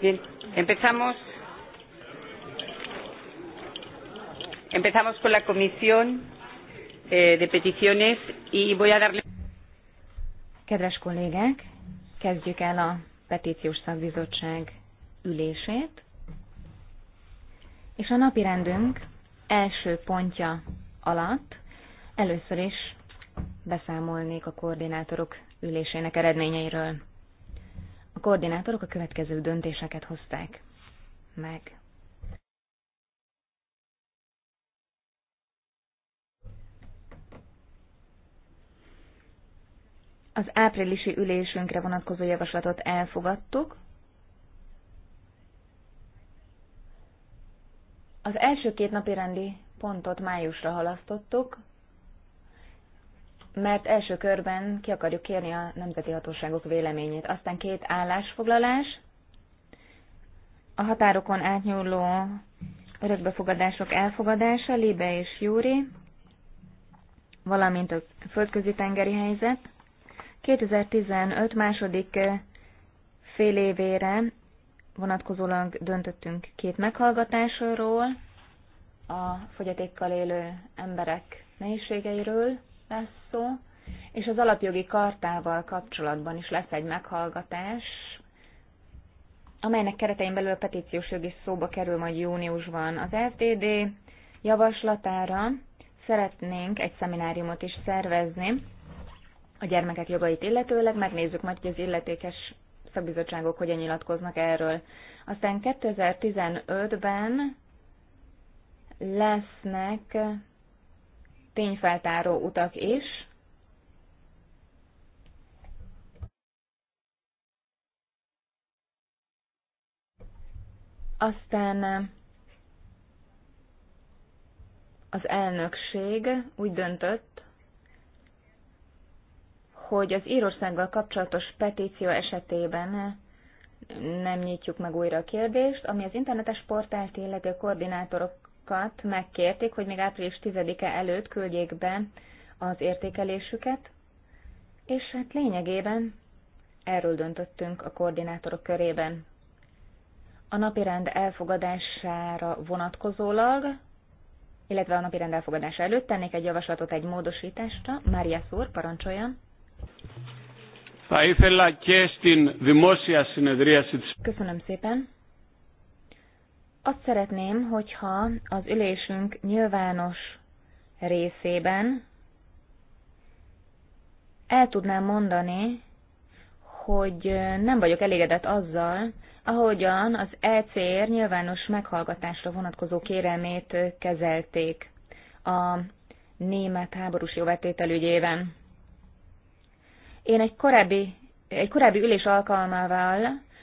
Bien, empezamos. Empezamos con la comisión eh, de peticiones y voy a darle. Kedves kollégák, kezdjük el a petíciós szakbizottság ülését. És a napi rendünk első pontja alatt először is beszámolnék a koordinátorok ülésének eredményeiről koordinátorok a következő döntéseket hozták meg. Az áprilisi ülésünkre vonatkozó javaslatot elfogadtuk. Az első két napi rendi pontot májusra halasztottuk, mert első körben ki akarjuk kérni a nemzeti hatóságok véleményét. Aztán két állásfoglalás, a határokon átnyúló örökbefogadások elfogadása, Libe és Júri, valamint a földközi tengeri helyzet. 2015 második eh, fél évére vonatkozólag döntöttünk két meghallgatásról, a fogyatékkal élő emberek nehézségeiről, lesz szó, és az alapjogi kartával kapcsolatban is lesz egy meghallgatás, amelynek keretein belül a petíciós jogi szóba kerül majd júniusban. Az FDD javaslatára szeretnénk egy szemináriumot is szervezni a gyermekek jogait illetőleg, megnézzük majd, hogy az illetékes szakbizottságok hogyan nyilatkoznak erről. Aztán 2015-ben lesznek tényfeltáró utak is. Aztán eh, az elnökség úgy döntött, hogy az Írországgal kapcsolatos petíció esetében eh, nem nyitjuk meg újra a kérdést, ami az internetes portált illeti a koordinátorok tagállamokat megkérték, hogy még április 10-e előtt küldjék be az értékelésüket, és hát lényegében erről döntöttünk a koordinátorok körében. A napirend elfogadására vonatkozólag, illetve a napirend elfogadása előtt tennék egy javaslatot egy módosításra. Mária Szúr, parancsoljon! Köszönöm szépen. Azt szeretném, hogyha az ülésünk nyilvános részében el tudnám mondani, hogy nem vagyok elégedett azzal, ahogyan az ECR nyilvános meghallgatásra vonatkozó kérelmét kezelték a német háborús jóvetétel ügyében. Én egy korábbi, egy korábbi ülés alkalmával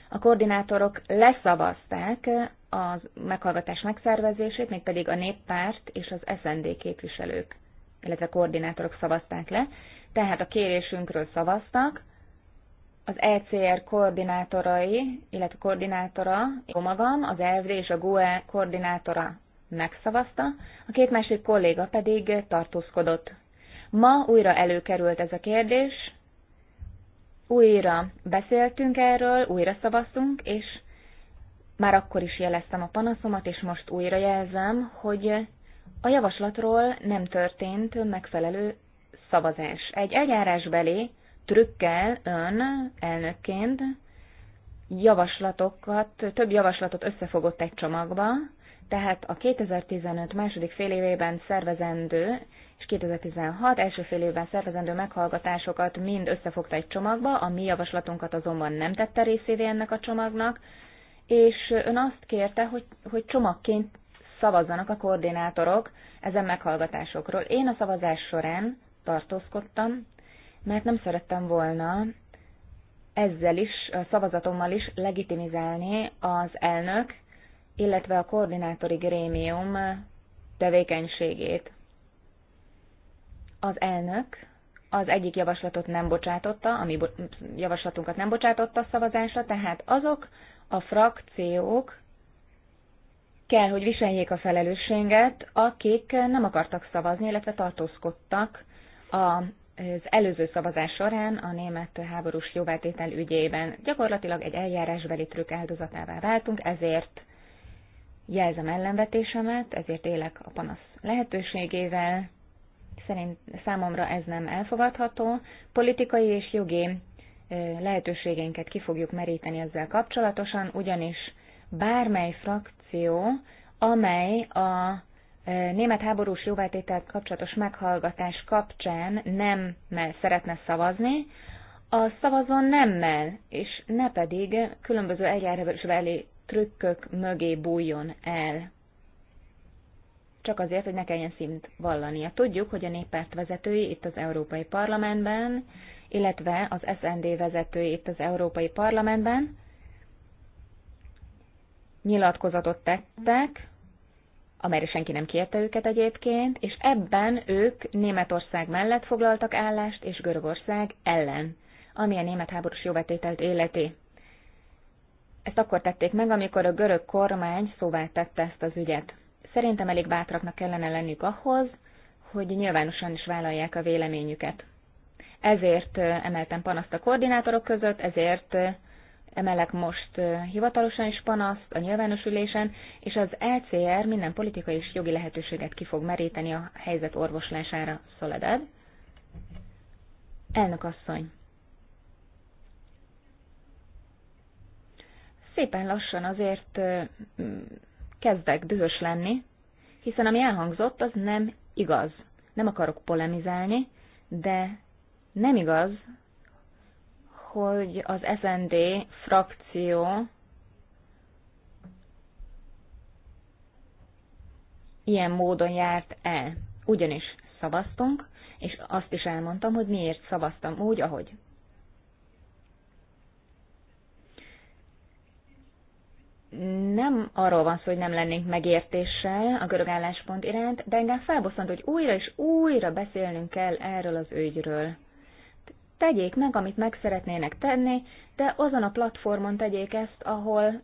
a koordinátorok leszavazták a meghallgatás megszervezését, mégpedig a néppárt és az SND képviselők, illetve koordinátorok szavazták le. Tehát a kérésünkről szavaztak, az ECR koordinátorai, illetve koordinátora, jó magam, az ELV és a GUE koordinátora megszavazta, a két másik kolléga pedig tartózkodott. Ma újra előkerült ez a kérdés, újra beszéltünk erről, újra szavaztunk, és már akkor is jeleztem a panaszomat, és most újra jelzem, hogy a javaslatról nem történt megfelelő szavazás. Egy eljárásbeli trükkel ön elnökként javaslatokat, több javaslatot összefogott egy csomagba, tehát a 2015 második fél évében szervezendő és 2016 első fél évben szervezendő meghallgatásokat mind összefogta egy csomagba, a mi javaslatunkat azonban nem tette részévé ennek a csomagnak, és ön azt kérte, hogy, hogy csomagként szavazzanak a koordinátorok ezen meghallgatásokról. Én a szavazás során tartózkodtam, mert nem szerettem volna ezzel is, a szavazatommal is legitimizálni az elnök, illetve a koordinátori grémium tevékenységét. Az elnök az egyik javaslatot nem bocsátotta, ami javaslatunkat nem bocsátotta a szavazásra, tehát azok, a frakciók kell, hogy viseljék a felelősséget, akik nem akartak szavazni, illetve tartózkodtak az előző szavazás során a német háborús jóváltétel ügyében. Gyakorlatilag egy eljárásbeli trükk áldozatává váltunk, ezért jelzem ellenvetésemet, ezért élek a panasz lehetőségével. Szerint számomra ez nem elfogadható. Politikai és jogi lehetőségeinket ki fogjuk meríteni ezzel kapcsolatosan, ugyanis bármely frakció, amely a német háborús jóváltételt kapcsolatos meghallgatás kapcsán nem szeretne szavazni, a szavazon nemmel, és ne pedig különböző eljárásbeli trükkök mögé bújjon el. Csak azért, hogy ne kelljen szint vallania. Tudjuk, hogy a néppárt vezetői itt az Európai Parlamentben illetve az SND vezetői itt az Európai Parlamentben nyilatkozatot tettek, amelyre senki nem kérte őket egyébként, és ebben ők Németország mellett foglaltak állást, és Görögország ellen, ami a német háborús jóvetételt életi. Ezt akkor tették meg, amikor a görög kormány szóvá tette ezt az ügyet. Szerintem elég bátraknak kellene lennük ahhoz, hogy nyilvánosan is vállalják a véleményüket. Ezért emeltem panaszt a koordinátorok között, ezért emelek most hivatalosan is panaszt a nyilvános ülésen, és az ECR minden politikai és jogi lehetőséget ki fog meríteni a helyzet orvoslására, Szoledad. Elnök asszony. Szépen lassan azért kezdek dühös lenni, hiszen ami elhangzott, az nem igaz. Nem akarok polemizálni, de nem igaz, hogy az SND frakció ilyen módon járt el. Ugyanis szavaztunk, és azt is elmondtam, hogy miért szavaztam úgy, ahogy. Nem arról van szó, hogy nem lennénk megértéssel a görög álláspont iránt, de engem felbosszant, hogy újra és újra beszélnünk kell erről az ügyről. Tegyék meg, amit meg szeretnének tenni, de azon a platformon tegyék ezt, ahol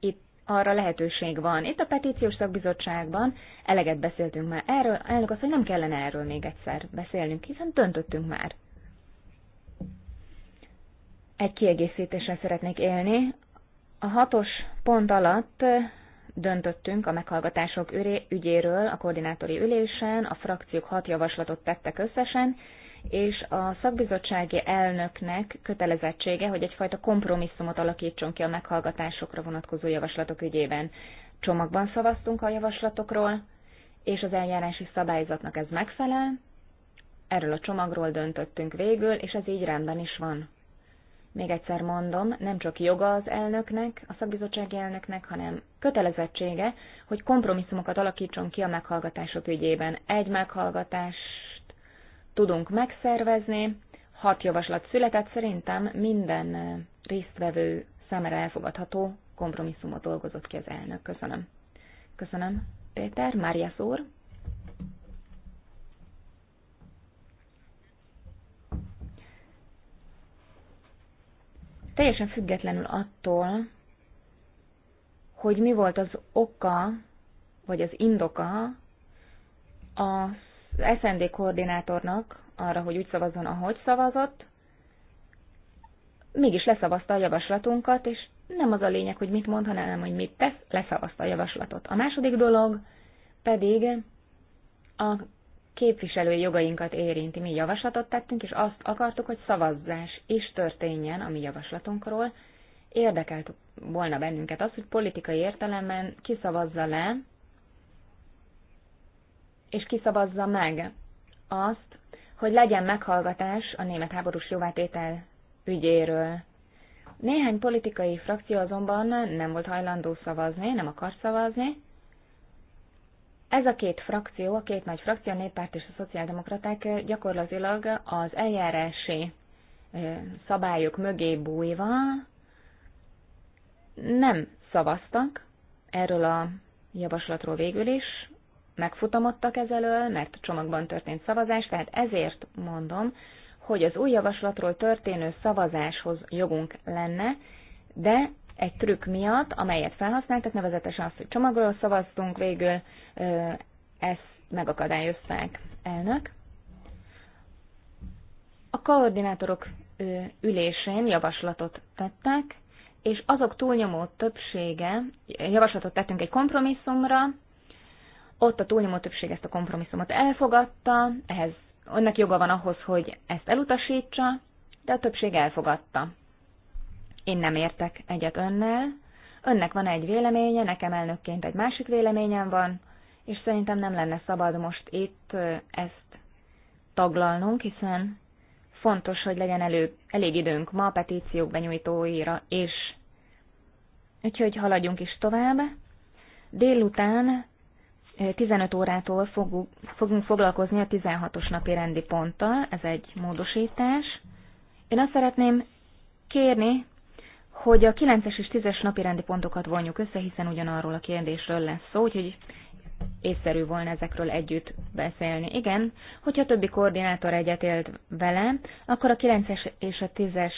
itt arra lehetőség van. Itt a petíciós szakbizottságban eleget beszéltünk már erről, elnök azt, hogy nem kellene erről még egyszer beszélnünk, hiszen döntöttünk már. Egy kiegészítéssel szeretnék élni. A hatos pont alatt eh, döntöttünk a meghallgatások ügyéről a koordinátori ülésen, a frakciók hat javaslatot tettek összesen, és a szakbizottsági elnöknek kötelezettsége, hogy egyfajta kompromisszumot alakítson ki a meghallgatásokra vonatkozó javaslatok ügyében. Csomagban szavaztunk a javaslatokról, és az eljárási szabályzatnak ez megfelel. Erről a csomagról döntöttünk végül, és ez így rendben is van. Még egyszer mondom, nem csak joga az elnöknek, a szakbizottsági elnöknek, hanem kötelezettsége, hogy kompromisszumokat alakítson ki a meghallgatások ügyében. Egy meghallgatás tudunk megszervezni. Hat javaslat született, szerintem minden résztvevő számára elfogadható kompromisszumot dolgozott ki az elnök. Köszönöm. Köszönöm, Péter. Mária Szór. Teljesen függetlenül attól, hogy mi volt az oka, vagy az indoka a SND koordinátornak arra, hogy úgy szavazzon, ahogy szavazott, mégis leszavazta a javaslatunkat, és nem az a lényeg, hogy mit mond, hanem hogy mit tesz, leszavazta a javaslatot. A második dolog pedig a képviselői jogainkat érinti. Mi javaslatot tettünk, és azt akartuk, hogy szavazzás is történjen a mi javaslatunkról. Érdekelt volna bennünket az, hogy politikai értelemben kiszavazza le és kiszavazza meg azt, hogy legyen meghallgatás a német háborús jóvátétel ügyéről. Néhány politikai frakció azonban nem volt hajlandó szavazni, nem akar szavazni. Ez a két frakció, a két nagy frakció, a néppárt és a szociáldemokraták gyakorlatilag az eljárási szabályok mögé bújva nem szavaztak erről a javaslatról végül is, megfutamodtak ezelől, mert a csomagban történt szavazás, tehát ezért mondom, hogy az új javaslatról történő szavazáshoz jogunk lenne, de egy trükk miatt, amelyet felhasználtak, nevezetesen azt, hogy csomagról szavaztunk végül, ezt megakadályozták elnök. A koordinátorok ülésén javaslatot tettek, és azok túlnyomó többsége, javaslatot tettünk egy kompromisszumra, ott a túlnyomó többség ezt a kompromisszumot elfogadta, ehhez annak joga van ahhoz, hogy ezt elutasítsa, de a többség elfogadta. Én nem értek egyet önnel, önnek van egy véleménye, nekem elnökként egy másik véleményem van, és szerintem nem lenne szabad most itt ezt taglalnunk, hiszen fontos, hogy legyen elő, elég időnk ma a petíciók benyújtóira és Úgyhogy haladjunk is tovább. Délután 15 órától fogunk, fogunk foglalkozni a 16-os napi rendi ponttal, ez egy módosítás. Én azt szeretném kérni, hogy a 9-es és 10-es napi rendi pontokat vonjuk össze, hiszen ugyanarról a kérdésről lesz szó, úgyhogy észszerű volna ezekről együtt beszélni. Igen, hogyha a többi koordinátor egyetért vele, akkor a 9-es és a 10-es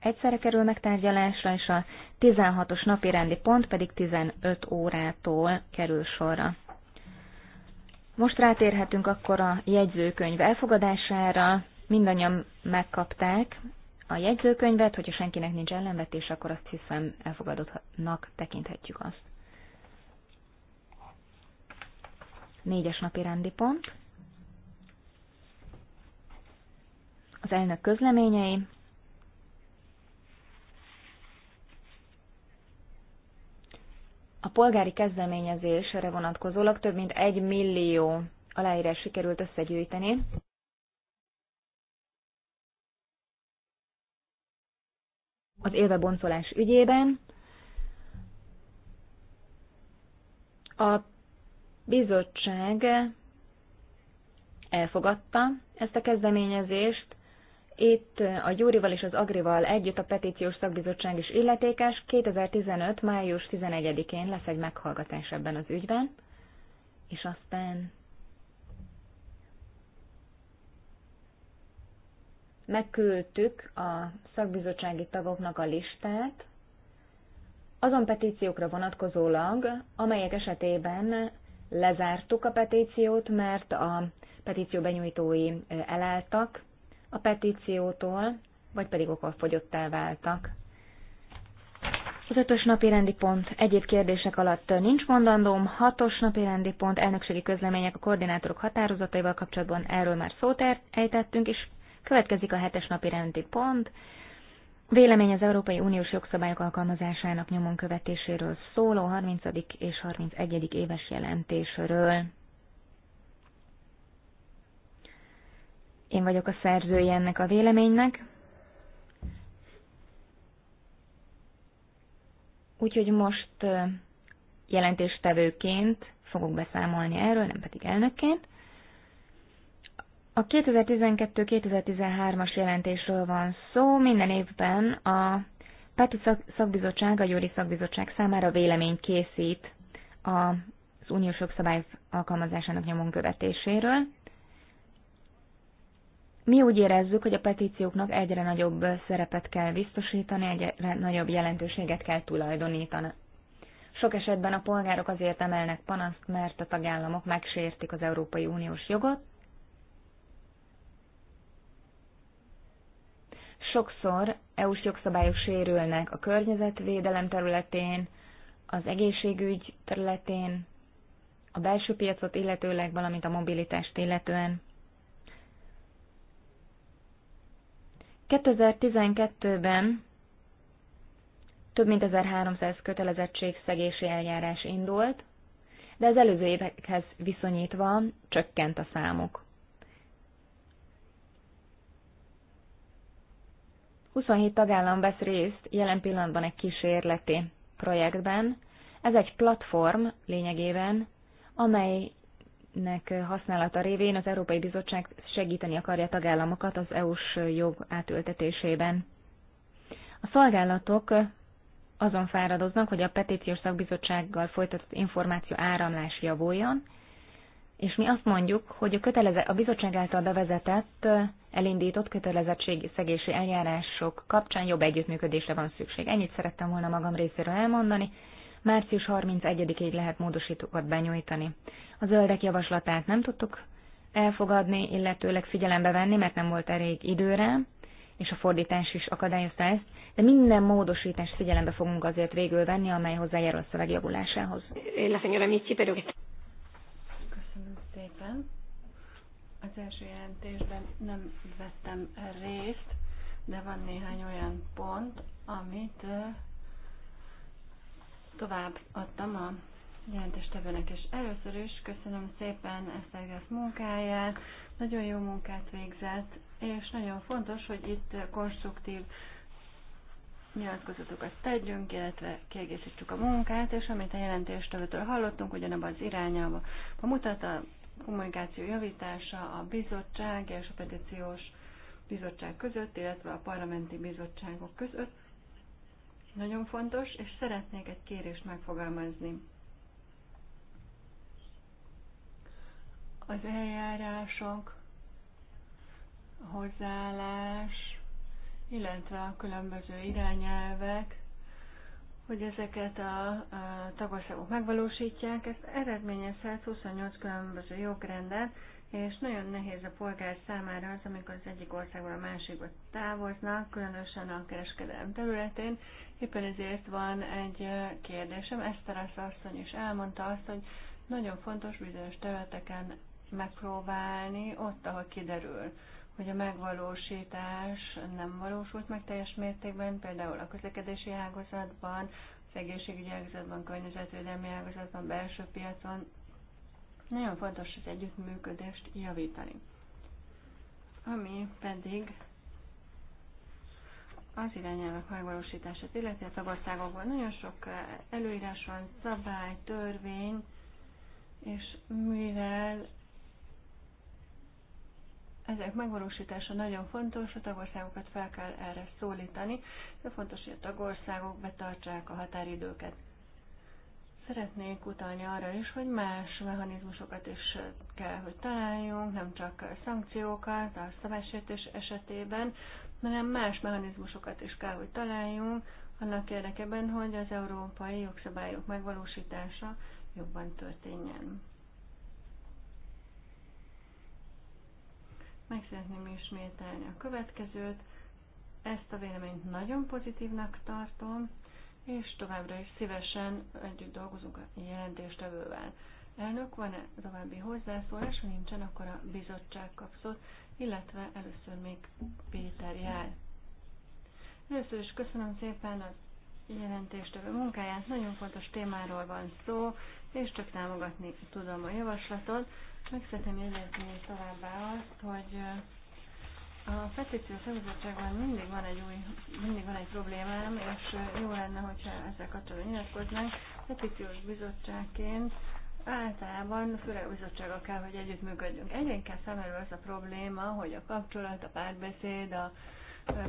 egyszerre kerül megtárgyalásra, és a 16-os napi rendi pont pedig 15 órától kerül sorra. Most rátérhetünk akkor a jegyzőkönyv elfogadására. Mindannyian megkapták a jegyzőkönyvet, hogyha senkinek nincs ellenvetés, akkor azt hiszem elfogadottnak tekinthetjük azt. Négyes napi rendi pont. Az elnök közleményei, A polgári kezdeményezésre vonatkozólag több mint egy millió aláírás sikerült összegyűjteni. Az élveboncolás ügyében a bizottság elfogadta ezt a kezdeményezést, itt a Gyurival és az Agrival együtt a petíciós szakbizottság is illetékes. 2015. május 11-én lesz egy meghallgatás ebben az ügyben, és aztán megküldtük a szakbizottsági tagoknak a listát, azon petíciókra vonatkozólag, amelyek esetében lezártuk a petíciót, mert a petíció benyújtói elálltak, a petíciótól, vagy pedig fogyott váltak. Az ötös napi rendi pont egyéb kérdések alatt nincs mondandóm, hatos napi rendi pont elnökségi közlemények a koordinátorok határozataival kapcsolatban erről már szót er- ejtettünk, és következik a hetes napi rendi pont. Vélemény az Európai Uniós jogszabályok alkalmazásának nyomon követéséről szóló 30. és 31. éves jelentésről. Én vagyok a szerzője ennek a véleménynek. Úgyhogy most jelentéstevőként fogok beszámolni erről, nem pedig elnökként. A 2012-2013-as jelentésről van szó, minden évben a Peti szakbizottság, a Júri szakbizottság számára véleményt készít az uniós jogszabály alkalmazásának nyomon követéséről. Mi úgy érezzük, hogy a petícióknak egyre nagyobb szerepet kell biztosítani, egyre nagyobb jelentőséget kell tulajdonítani. Sok esetben a polgárok azért emelnek panaszt, mert a tagállamok megsértik az Európai Uniós jogot. Sokszor EU-s jogszabályok sérülnek a környezetvédelem területén, az egészségügy területén, a belső piacot illetőleg, valamint a mobilitást illetően. 2012-ben több mint 1300 kötelezettségszegési eljárás indult, de az előző évekhez viszonyítva csökkent a számuk. 27 tagállam vesz részt jelen pillanatban egy kísérleti projektben. Ez egy platform lényegében, amely nek használata révén az Európai Bizottság segíteni akarja a tagállamokat az EU-s jog átültetésében. A szolgálatok azon fáradoznak, hogy a petíciós szakbizottsággal folytatott információ áramlás javuljon, és mi azt mondjuk, hogy a, köteleze- a bizottság által bevezetett, elindított szegési eljárások kapcsán jobb együttműködésre van szükség. Ennyit szerettem volna magam részéről elmondani, március 31-ig lehet módosítókat benyújtani. A zöldek javaslatát nem tudtuk elfogadni, illetőleg figyelembe venni, mert nem volt elég időre, és a fordítás is akadályozta ezt, de minden módosítást figyelembe fogunk azért végül venni, amely hozzájárul a szöveg javulásához. Köszönöm szépen. Az első jelentésben nem vettem részt, de van néhány olyan pont, amit tovább adtam a jelentéstevőnek, és először is köszönöm szépen ezt egész munkáját, nagyon jó munkát végzett, és nagyon fontos, hogy itt konstruktív nyilatkozatokat tegyünk, illetve kiegészítsük a munkát, és amit a jelentéstevőtől hallottunk, ugyanabban az irányába a mutat a kommunikáció javítása a bizottság és a petíciós bizottság között, illetve a parlamenti bizottságok között nagyon fontos, és szeretnék egy kérést megfogalmazni. Az eljárások, a hozzáállás, illetve a különböző irányelvek, hogy ezeket a, a tagországok megvalósítják, ezt eredményezhet 28 különböző jogrendet, és nagyon nehéz a polgár számára az, amikor az egyik országból a másikba távoznak, különösen a kereskedelem területén, Éppen ezért van egy kérdésem, a asszony is elmondta azt, hogy nagyon fontos bizonyos területeken megpróbálni ott, ahol kiderül, hogy a megvalósítás nem valósult meg teljes mértékben, például a közlekedési ágazatban, az egészségügyi ágazatban, környezetvédelmi ágazatban, belső piacon. Nagyon fontos az együttműködést javítani. Ami pedig az irányelvek megvalósítását illeti a tagországokban. Nagyon sok eh, előírás van, szabály, törvény, és mivel ezek megvalósítása nagyon fontos, a tagországokat fel kell erre szólítani, de fontos, hogy a tagországok betartsák a határidőket. Szeretnék utalni arra is, hogy más mechanizmusokat is kell, hogy találjunk, nem csak szankciókat a szabálysértés esetében, hanem más mechanizmusokat is kell, hogy találjunk, annak érdekében, hogy az európai jogszabályok megvalósítása jobban történjen. Meg szeretném ismételni a következőt. Ezt a véleményt nagyon pozitívnak tartom, és továbbra is szívesen együtt dolgozunk a jelentéstevővel. Elnök, van-e további hozzászólás? Ha nincsen, akkor a bizottság kapszott illetve először még Péter jár. Először is köszönöm szépen a jelentéstevő munkáját, nagyon fontos témáról van szó, és csak támogatni tudom a javaslatot. Meg szeretném jelentni továbbá azt, hogy a petíció szakbizottságban mindig van egy új, mindig van egy problémám, és jó lenne, hogyha ezzel kapcsolatban nyilatkoznánk. Petíciós bizottságként Általában, főleg a bizottsággal kell, hogy együttműködjünk. Egyre inkább felmerül az a probléma, hogy a kapcsolat, a párbeszéd, a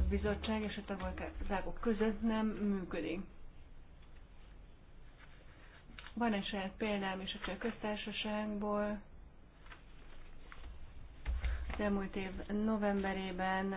bizottság és a tagok között nem működik. Van egy saját példám is a köztársaságból. Az elmúlt év novemberében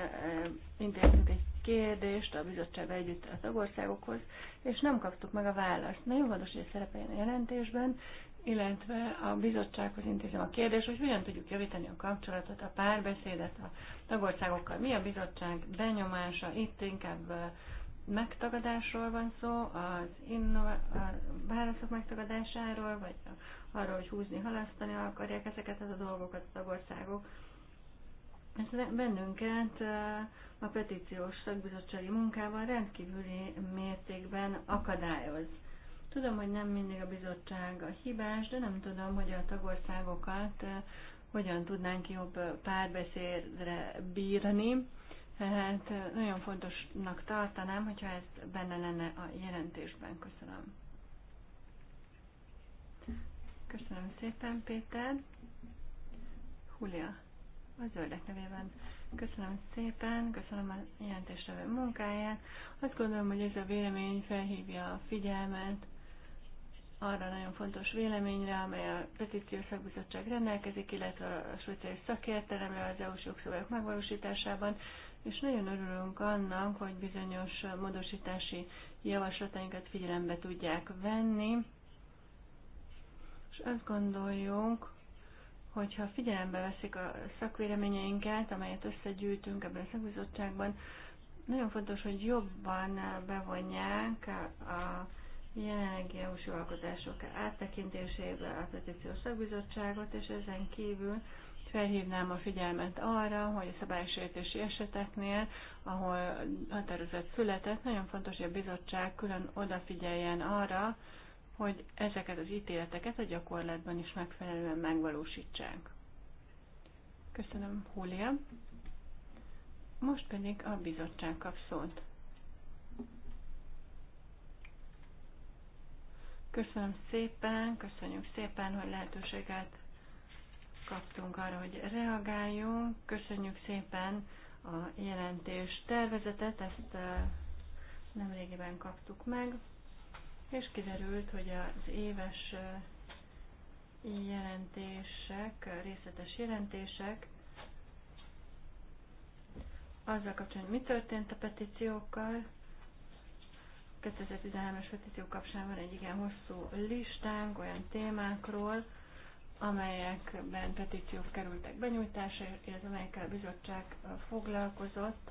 intéztünk egy kérdést a bizottság együtt a tagországokhoz, és nem kaptuk meg a választ. Nagyon fontos, hogy szerepeljen a jelentésben, illetve a bizottsághoz intézem a kérdést, hogy hogyan tudjuk javítani a kapcsolatot, a párbeszédet a tagországokkal. Mi a bizottság benyomása? Itt inkább megtagadásról van szó, az innova- a válaszok megtagadásáról, vagy arról, hogy húzni, halasztani akarják ezeket az a dolgokat a tagországok. Ez bennünket a petíciós szakbizottsági munkával rendkívüli mértékben akadályoz Tudom, hogy nem mindig a bizottság a hibás, de nem tudom, hogy a tagországokat eh, hogyan tudnánk jobb párbeszédre bírni. Tehát eh, nagyon fontosnak tartanám, hogyha ez benne lenne a jelentésben. Köszönöm. Köszönöm szépen, Péter. Julia, a zöldek nevében. Köszönöm szépen, köszönöm a jelentésre munkáját. Azt gondolom, hogy ez a vélemény felhívja a figyelmet arra nagyon fontos véleményre, amely a petíciós szakbizottság rendelkezik, illetve a speciális szakértelemre az EU-s jogszabályok megvalósításában, és nagyon örülünk annak, hogy bizonyos módosítási javaslatainkat figyelembe tudják venni, és azt gondoljuk, hogyha figyelembe veszik a szakvéleményeinket, amelyet összegyűjtünk ebben a szakbizottságban, nagyon fontos, hogy jobban bevonják a, a jelenlegi EU-s jogalkotások áttekintésébe a petíciós szakbizottságot, és ezen kívül felhívnám a figyelmet arra, hogy a szabálysértési eseteknél, ahol határozat született, nagyon fontos, hogy a bizottság külön odafigyeljen arra, hogy ezeket az ítéleteket a gyakorlatban is megfelelően megvalósítsák. Köszönöm, Hólia. Most pedig a bizottság kap szót. Köszönöm szépen, köszönjük szépen, hogy lehetőséget kaptunk arra, hogy reagáljunk. Köszönjük szépen a jelentés tervezetet, ezt nemrégiben kaptuk meg, és kiderült, hogy az éves jelentések, részletes jelentések azzal kapcsolatban, hogy mi történt a petíciókkal, 2013-as petíció kapcsán van egy igen hosszú listánk olyan témákról, amelyekben petíciók kerültek benyújtásra, illetve amelyekkel a bizottság foglalkozott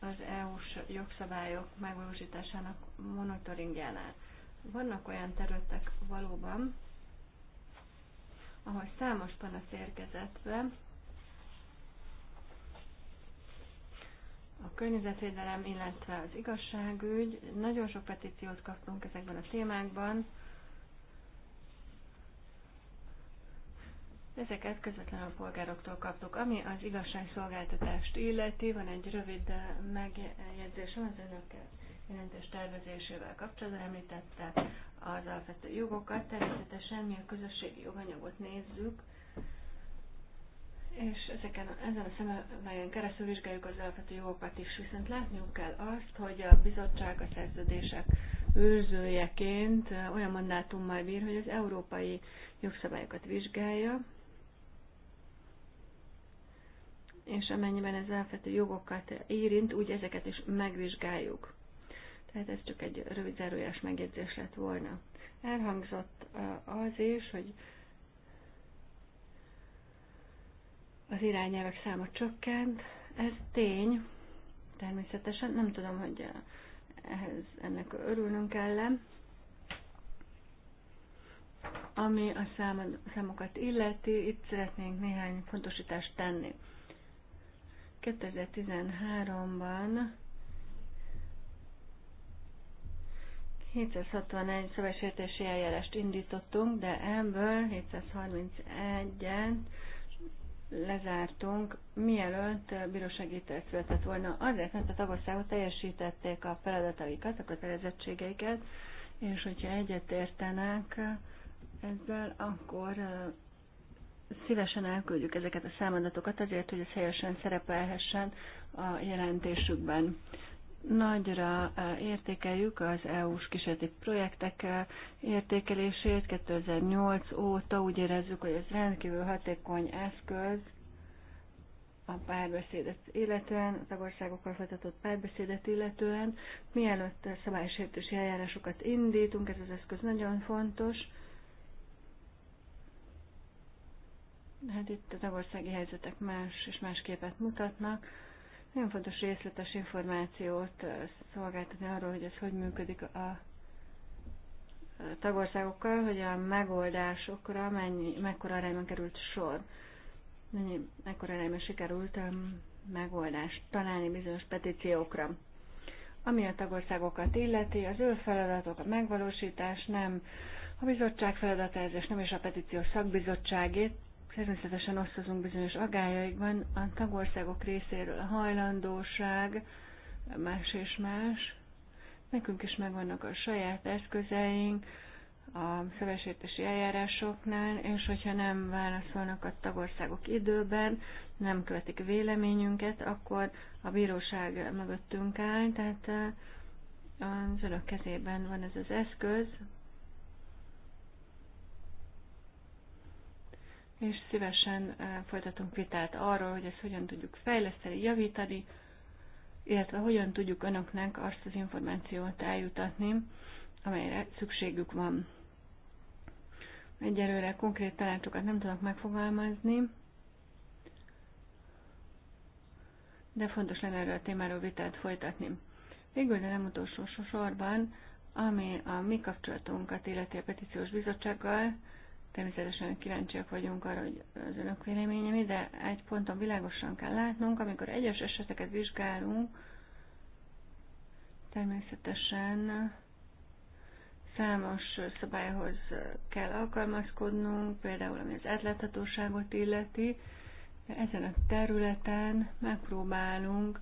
az EU-s jogszabályok megvalósításának monitoringjánál. Vannak olyan területek valóban, ahol számos panasz érkezett be, a környezetvédelem, illetve az igazságügy. Nagyon sok petíciót kaptunk ezekben a témákban. Ezeket közvetlenül a polgároktól kaptuk. Ami az igazságszolgáltatást illeti, van egy rövid eh, megjegyzésem az önök jelentős tervezésével kapcsolatban említette az alapvető jogokat. Természetesen mi a közösségi joganyagot nézzük, és ezeken, ezen a szemmelyen keresztül vizsgáljuk az alapvető jogokat is, viszont látniuk kell azt, hogy a bizottság a szerződések őrzőjeként olyan mandátummal bír, hogy az európai jogszabályokat vizsgálja, és amennyiben ez alapvető jogokat érint, úgy ezeket is megvizsgáljuk. Tehát ez csak egy rövid zárójás megjegyzés lett volna. Elhangzott az is, hogy az irányelvek száma csökkent. Ez tény, természetesen. Nem tudom, hogy eh, ehhez ennek örülnünk kell -e. Ami a számokat illeti, itt szeretnénk néhány fontosítást tenni. 2013-ban 761 szabálysértési eljárást indítottunk, de ebből 731-en lezártunk, mielőtt bírósági ítélet született volna, azért, mert a tagországok teljesítették a feladataikat, a kötelezettségeiket, és hogyha egyetértenek ezzel, akkor szívesen elküldjük ezeket a számadatokat azért, hogy ez helyesen szerepelhessen a jelentésükben. Nagyra eh, értékeljük az EU-s kísérleti projektek eh, értékelését 2008 óta. Úgy érezzük, hogy ez rendkívül hatékony eszköz a párbeszédet illetően, a tagországokkal folytatott párbeszédet illetően. Mielőtt szabálysértési eljárásokat indítunk, ez az eszköz nagyon fontos. Hát itt a tagországi helyzetek más és más képet mutatnak nagyon fontos részletes információt szolgáltatni arról, hogy ez hogy működik a tagországokkal, hogy a megoldásokra mennyi, mekkora arányban került sor, mennyi, mekkora arányban sikerült a megoldást találni bizonyos petíciókra. Ami a tagországokat illeti, az ő feladatok, a megvalósítás nem a bizottság feladata ez, és nem is a petíció szakbizottságét, természetesen osztozunk bizonyos agályaikban, a tagországok részéről a hajlandóság, más és más. Nekünk is megvannak a saját eszközeink, a szövesértési eljárásoknál, és hogyha nem válaszolnak a tagországok időben, nem követik véleményünket, akkor a bíróság mögöttünk áll, tehát eh, az önök kezében van ez az eszköz, és szívesen eh, folytatunk vitát arról, hogy ezt hogyan tudjuk fejleszteni, javítani, illetve hogyan tudjuk önöknek azt az információt eljutatni, amelyre szükségük van. Egyelőre konkrét tanácsokat nem tudok megfogalmazni, de fontos lenne erről a témáról vitát folytatni. Végül, de nem utolsó sorban, ami a mi kapcsolatunkat illeti a petíciós bizottsággal, Természetesen kíváncsiak vagyunk arra, hogy az önök véleménye mi, de egy ponton világosan kell látnunk, amikor egyes eseteket vizsgálunk, természetesen számos szabályhoz kell alkalmazkodnunk, például ami az átláthatóságot illeti, de ezen a területen megpróbálunk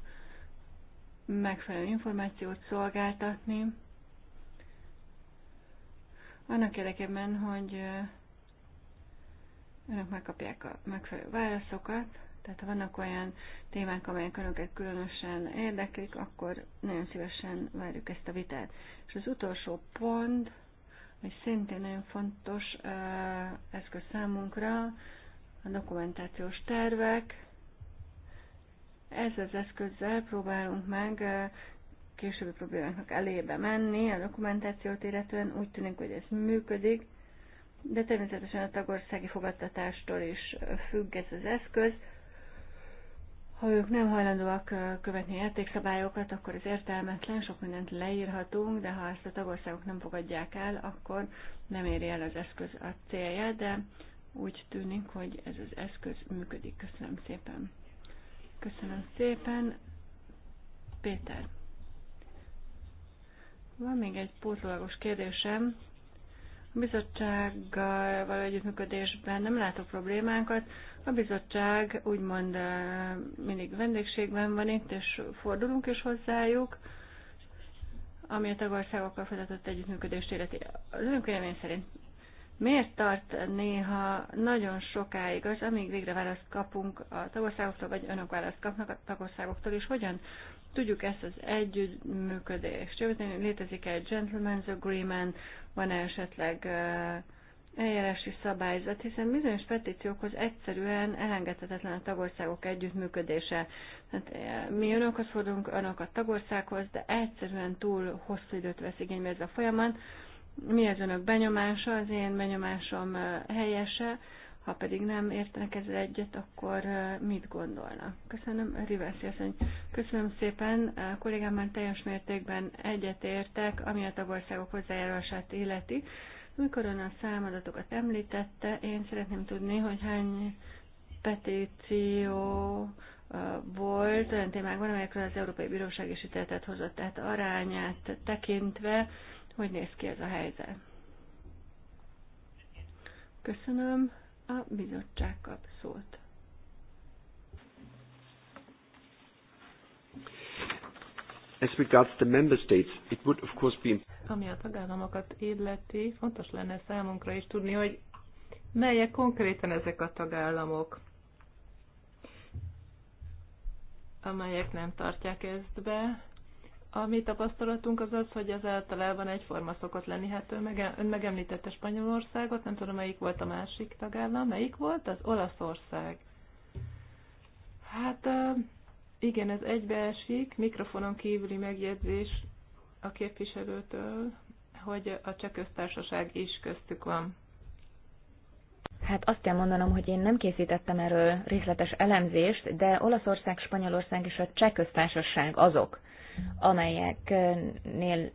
megfelelő információt szolgáltatni, annak érdekében, hogy önök megkapják a megfelelő válaszokat, tehát ha vannak olyan témák, amelyek önöket különösen érdeklik, akkor nagyon szívesen várjuk ezt a vitát. És az utolsó pont, ami szintén nagyon fontos eszköz számunkra, a dokumentációs tervek. Ez az eszközzel próbálunk meg későbbi problémáknak elébe menni a dokumentációt illetően. Úgy tűnik, hogy ez működik de természetesen a tagországi fogadtatástól is függ ez az eszköz. Ha ők nem hajlandóak követni értékszabályokat, akkor az értelmetlen, sok mindent leírhatunk, de ha ezt a tagországok nem fogadják el, akkor nem éri el az eszköz a célját, de úgy tűnik, hogy ez az eszköz működik. Köszönöm szépen. Köszönöm szépen. Péter. Van még egy pótlólagos kérdésem. A bizottsággal való együttműködésben nem látok problémánkat. A bizottság úgymond mindig vendégségben van itt, és fordulunk is hozzájuk, ami a tagországokkal folytatott együttműködést illeti. Az önök szerint miért tart néha nagyon sokáig az, amíg végre választ kapunk a tagországoktól, vagy önök választ kapnak a tagországoktól, és hogyan tudjuk ezt az együttműködést javítani. Létezik egy gentleman's agreement, van -e esetleg eljárási szabályzat, hiszen bizonyos petíciókhoz egyszerűen elengedhetetlen a tagországok együttműködése. Hát, mi önökhoz fordulunk, önök a tagországhoz, de egyszerűen túl hosszú időt vesz igénybe ez a folyamat. Mi az önök benyomása? Az én benyomásom helyese ha pedig nem értenek ezzel egyet, akkor mit gondolnak? Köszönöm, Riveszi asszony. Köszönöm szépen, a kollégám már teljes mértékben egyetértek, ami a tagországok hozzájárulását illeti. Amikor ön a számadatokat említette, én szeretném tudni, hogy hány petíció volt olyan témákban, amelyekről az Európai Bíróság is ítéletet hozott, tehát arányát tekintve, hogy néz ki ez a helyzet. Köszönöm a bizottság kap szót. As regards the member states, it would of course be... Ami a tagállamokat illeti, fontos lenne számunkra is tudni, hogy melyek konkrétan ezek a tagállamok, amelyek nem tartják ezt be, a mi tapasztalatunk az az, hogy ez általában egyforma szokott lenni. Hát ön, mege, ön megemlítette Spanyolországot, nem tudom, melyik volt a másik tagállam. Melyik volt? Az Olaszország. Hát igen, ez egybeesik. Mikrofonon kívüli megjegyzés a képviselőtől, hogy a cseh köztársaság is köztük van. Hát azt kell mondanom, hogy én nem készítettem erről részletes elemzést, de Olaszország, Spanyolország és a Cseh köztársaság azok, amelyeknél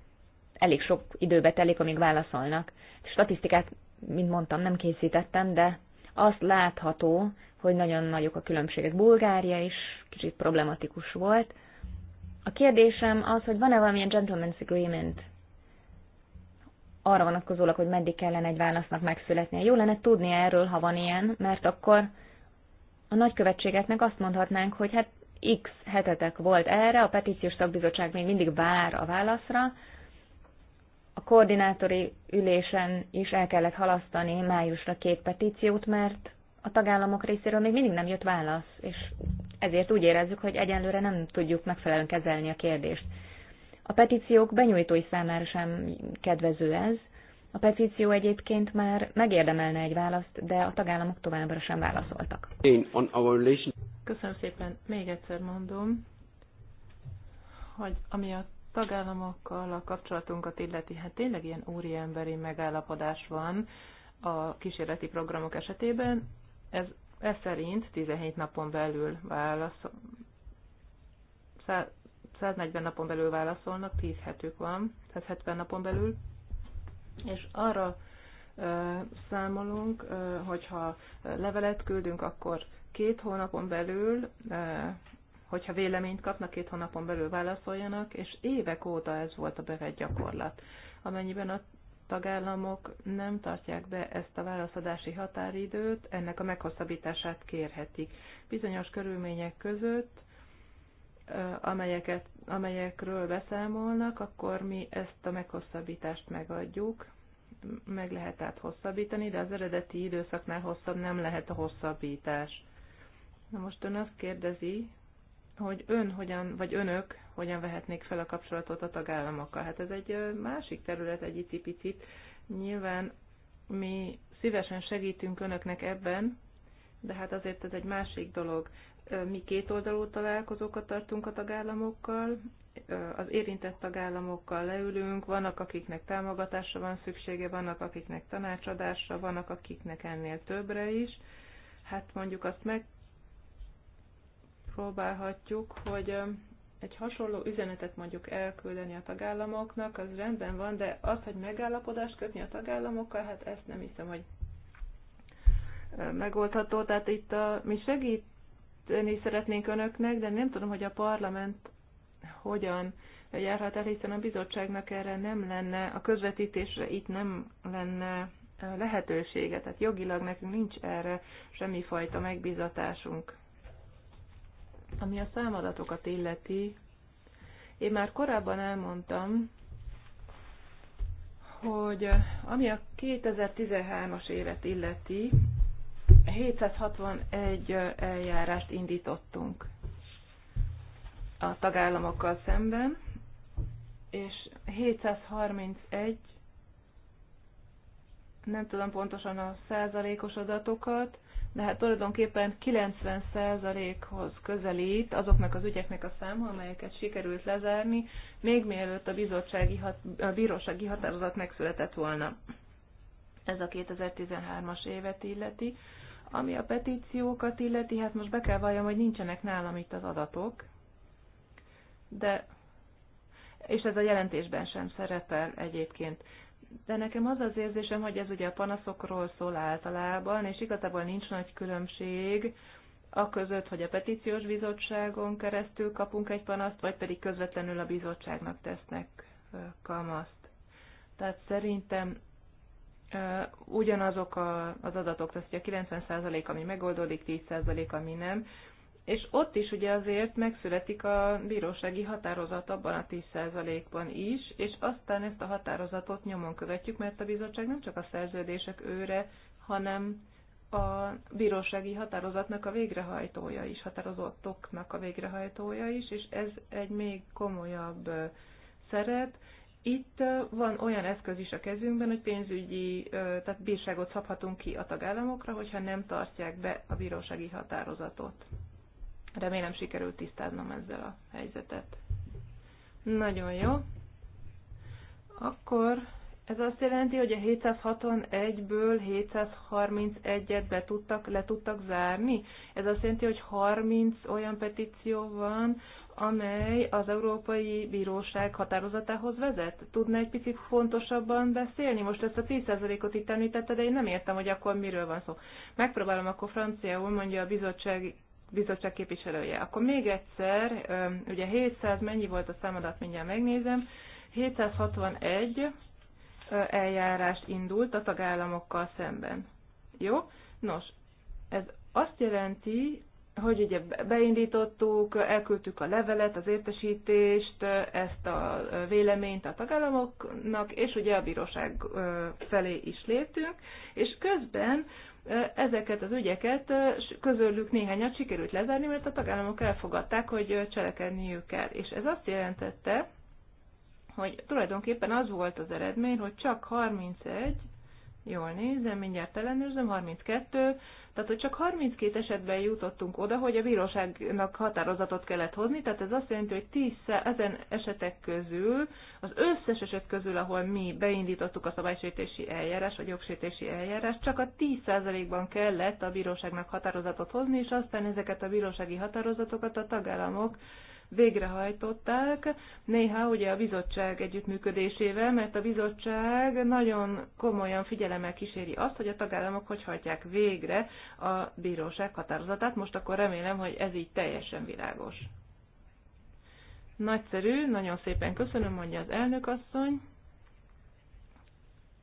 elég sok időbe telik, amíg válaszolnak. Statisztikát, mint mondtam, nem készítettem, de azt látható, hogy nagyon nagyok a különbségek. Bulgária is kicsit problematikus volt. A kérdésem az, hogy van-e valamilyen gentleman's agreement arra vonatkozólag, hogy meddig kellene egy válasznak megszületnie. Jó lenne tudni erről, ha van ilyen, mert akkor a nagykövetségeknek azt mondhatnánk, hogy hát X hetetek volt erre, a petíciós szakbizottság még mindig vár a válaszra. A koordinátori ülésen is el kellett halasztani májusra két petíciót, mert a tagállamok részéről még mindig nem jött válasz, és ezért úgy érezzük, hogy egyenlőre nem tudjuk megfelelően kezelni a kérdést. A petíciók benyújtói számára sem kedvező ez. A petíció egyébként már megérdemelne egy választ, de a tagállamok továbbra sem válaszoltak. Köszönöm szépen. Még egyszer mondom, hogy ami a tagállamokkal a kapcsolatunkat illeti, hát tényleg ilyen úriemberi megállapodás van a kísérleti programok esetében. Ez, ez szerint 17 napon belül válasz, 140 napon belül válaszolnak, 10 hetük van, 170 napon belül, és arra ö, számolunk, ö, hogyha levelet küldünk, akkor két hónapon belül, e, hogyha véleményt kapnak, két hónapon belül válaszoljanak, és évek óta ez volt a bevett gyakorlat. Amennyiben a tagállamok nem tartják be ezt a válaszadási határidőt, ennek a meghosszabbítását kérhetik. Bizonyos körülmények között, e, amelyeket, amelyekről beszámolnak, akkor mi ezt a meghosszabbítást megadjuk, meg lehet át hosszabbítani, de az eredeti időszaknál hosszabb nem lehet a hosszabbítás. Na most ön azt kérdezi, hogy ön hogyan, vagy önök hogyan vehetnék fel a kapcsolatot a tagállamokkal. Hát ez egy másik terület, egy icipicit. Nyilván mi szívesen segítünk önöknek ebben, de hát azért ez egy másik dolog. Mi két oldalú találkozókat tartunk a tagállamokkal, az érintett tagállamokkal leülünk, vannak akiknek támogatásra van szüksége, vannak akiknek tanácsadásra, vannak akiknek ennél többre is. Hát mondjuk azt meg megpróbálhatjuk, hogy egy hasonló üzenetet mondjuk elküldeni a tagállamoknak, az rendben van, de az, hogy megállapodást kötni a tagállamokkal, hát ezt nem hiszem, hogy megoldható. Tehát itt a, mi segíteni szeretnénk önöknek, de nem tudom, hogy a parlament hogyan járhat el, hiszen a bizottságnak erre nem lenne, a közvetítésre itt nem lenne lehetősége, tehát jogilag nekünk nincs erre semmifajta megbizatásunk. Ami a számadatokat illeti, én már korábban elmondtam, hogy ami a 2013-as évet illeti, 761 eljárást indítottunk a tagállamokkal szemben, és 731, nem tudom pontosan a százalékos adatokat, de hát tulajdonképpen 90%-hoz közelít azoknak az ügyeknek a száma, amelyeket sikerült lezárni, még mielőtt a, bizottsági hat, a bírósági határozat megszületett volna. Ez a 2013-as évet illeti. Ami a petíciókat illeti, hát most be kell valljam, hogy nincsenek nálam itt az adatok, de és ez a jelentésben sem szerepel egyébként de nekem az az érzésem, hogy ez ugye a panaszokról szól általában, és igazából nincs nagy különbség a között, hogy a petíciós bizottságon keresztül kapunk egy panaszt, vagy pedig közvetlenül a bizottságnak tesznek kamaszt. Tehát szerintem ugyanazok az adatok, tehát a 90% ami megoldódik, 10% ami nem, és ott is ugye azért megszületik a bírósági határozat abban a 10%-ban is, és aztán ezt a határozatot nyomon követjük, mert a bizottság nem csak a szerződések őre, hanem a bírósági határozatnak a végrehajtója is, határozottoknak a végrehajtója is, és ez egy még komolyabb szeret. Itt van olyan eszköz is a kezünkben, hogy pénzügyi, tehát bírságot szabhatunk ki a tagállamokra, hogyha nem tartják be a bírósági határozatot. Remélem sikerült tisztáznom ezzel a helyzetet. Nagyon jó. Akkor ez azt jelenti, hogy a 761-ből 731-et be tudtak, le tudtak zárni. Ez azt jelenti, hogy 30 olyan petíció van, amely az Európai Bíróság határozatához vezet. Tudna egy picit fontosabban beszélni? Most ezt a 10%-ot itt említette, de én nem értem, hogy akkor miről van szó. Megpróbálom akkor franciául, mondja a bizottság bizottság képviselője. Akkor még egyszer, ugye 700, mennyi volt a számadat, mindjárt megnézem, 761 eljárást indult a tagállamokkal szemben. Jó? Nos, ez azt jelenti, hogy ugye beindítottuk, elküldtük a levelet, az értesítést, ezt a véleményt a tagállamoknak, és ugye a bíróság felé is léptünk, és közben ezeket az ügyeket, közülük néhányat sikerült lezárni, mert a tagállamok elfogadták, hogy cselekedniük kell. És ez azt jelentette, hogy tulajdonképpen az volt az eredmény, hogy csak 31 jól nézem, mindjárt ellenőrzöm, 32, tehát hogy csak 32 esetben jutottunk oda, hogy a bíróságnak határozatot kellett hozni, tehát ez azt jelenti, hogy 10 ezen esetek közül, az összes eset közül, ahol mi beindítottuk a szabálysértési eljárás, vagy jogsértési eljárás, csak a 10%-ban kellett a bíróságnak határozatot hozni, és aztán ezeket a bírósági határozatokat a tagállamok végrehajtották, néha ugye a bizottság együttműködésével, mert a bizottság nagyon komolyan figyelemmel kíséri azt, hogy a tagállamok hogy hajtják végre a bíróság határozatát. Most akkor remélem, hogy ez így teljesen világos. Nagyszerű, nagyon szépen köszönöm, mondja az elnökasszony.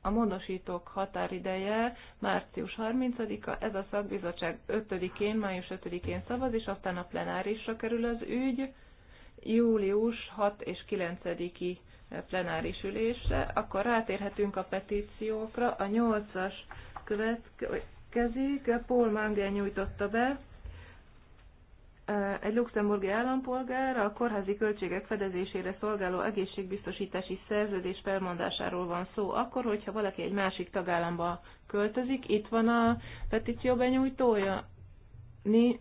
A módosítók határideje március 30-a, ez a szakbizottság 5-én, május 5-én szavaz, és aztán a plenárisra kerül az ügy július 6 és 9-i plenáris ülésre, akkor rátérhetünk a petíciókra. A 8-as következik, Paul Mangel nyújtotta be, egy luxemburgi állampolgár a kórházi költségek fedezésére szolgáló egészségbiztosítási szerződés felmondásáról van szó, akkor, hogyha valaki egy másik tagállamba költözik, itt van a petíció benyújtója? Ni,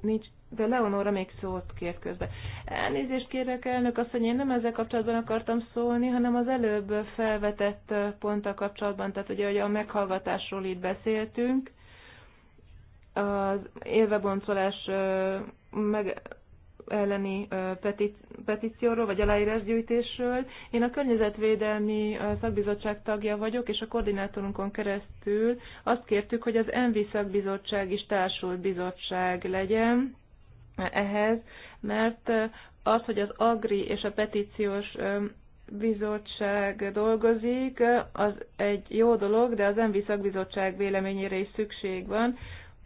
nincs de Leonora még szót kért közben. Elnézést kérek, elnök asszony, én nem ezzel kapcsolatban akartam szólni, hanem az előbb felvetett ponttal kapcsolatban, tehát ugye, hogy a meghallgatásról itt beszéltünk, az élveboncolás meg elleni petícióról, vagy aláírásgyűjtésről. Én a Környezetvédelmi Szakbizottság tagja vagyok, és a koordinátorunkon keresztül azt kértük, hogy az ENVI szakbizottság is társult bizottság legyen, ehhez, mert az, hogy az Agri és a petíciós bizottság dolgozik, az egy jó dolog, de az ENVI szakbizottság véleményére is szükség van,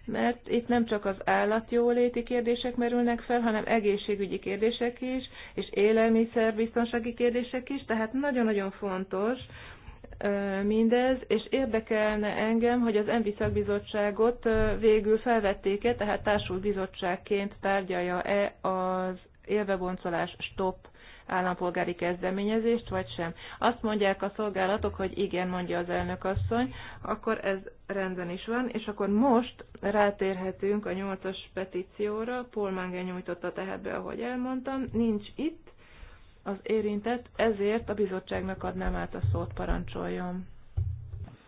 mert itt nem csak az állatjóléti kérdések merülnek fel, hanem egészségügyi kérdések is, és élelmiszerbiztonsági kérdések is, tehát nagyon-nagyon fontos, mindez, és érdekelne engem, hogy az ENVI szakbizottságot végül felvették-e, tehát társult bizottságként tárgyalja-e az élveboncolás stop állampolgári kezdeményezést, vagy sem. Azt mondják a szolgálatok, hogy igen, mondja az elnök asszony, akkor ez rendben is van, és akkor most rátérhetünk a nyolcas petícióra, Paul Mange nyújtotta tehát be, ahogy elmondtam, nincs itt, az érintett, ezért a bizottságnak adnám át a szót, parancsoljon.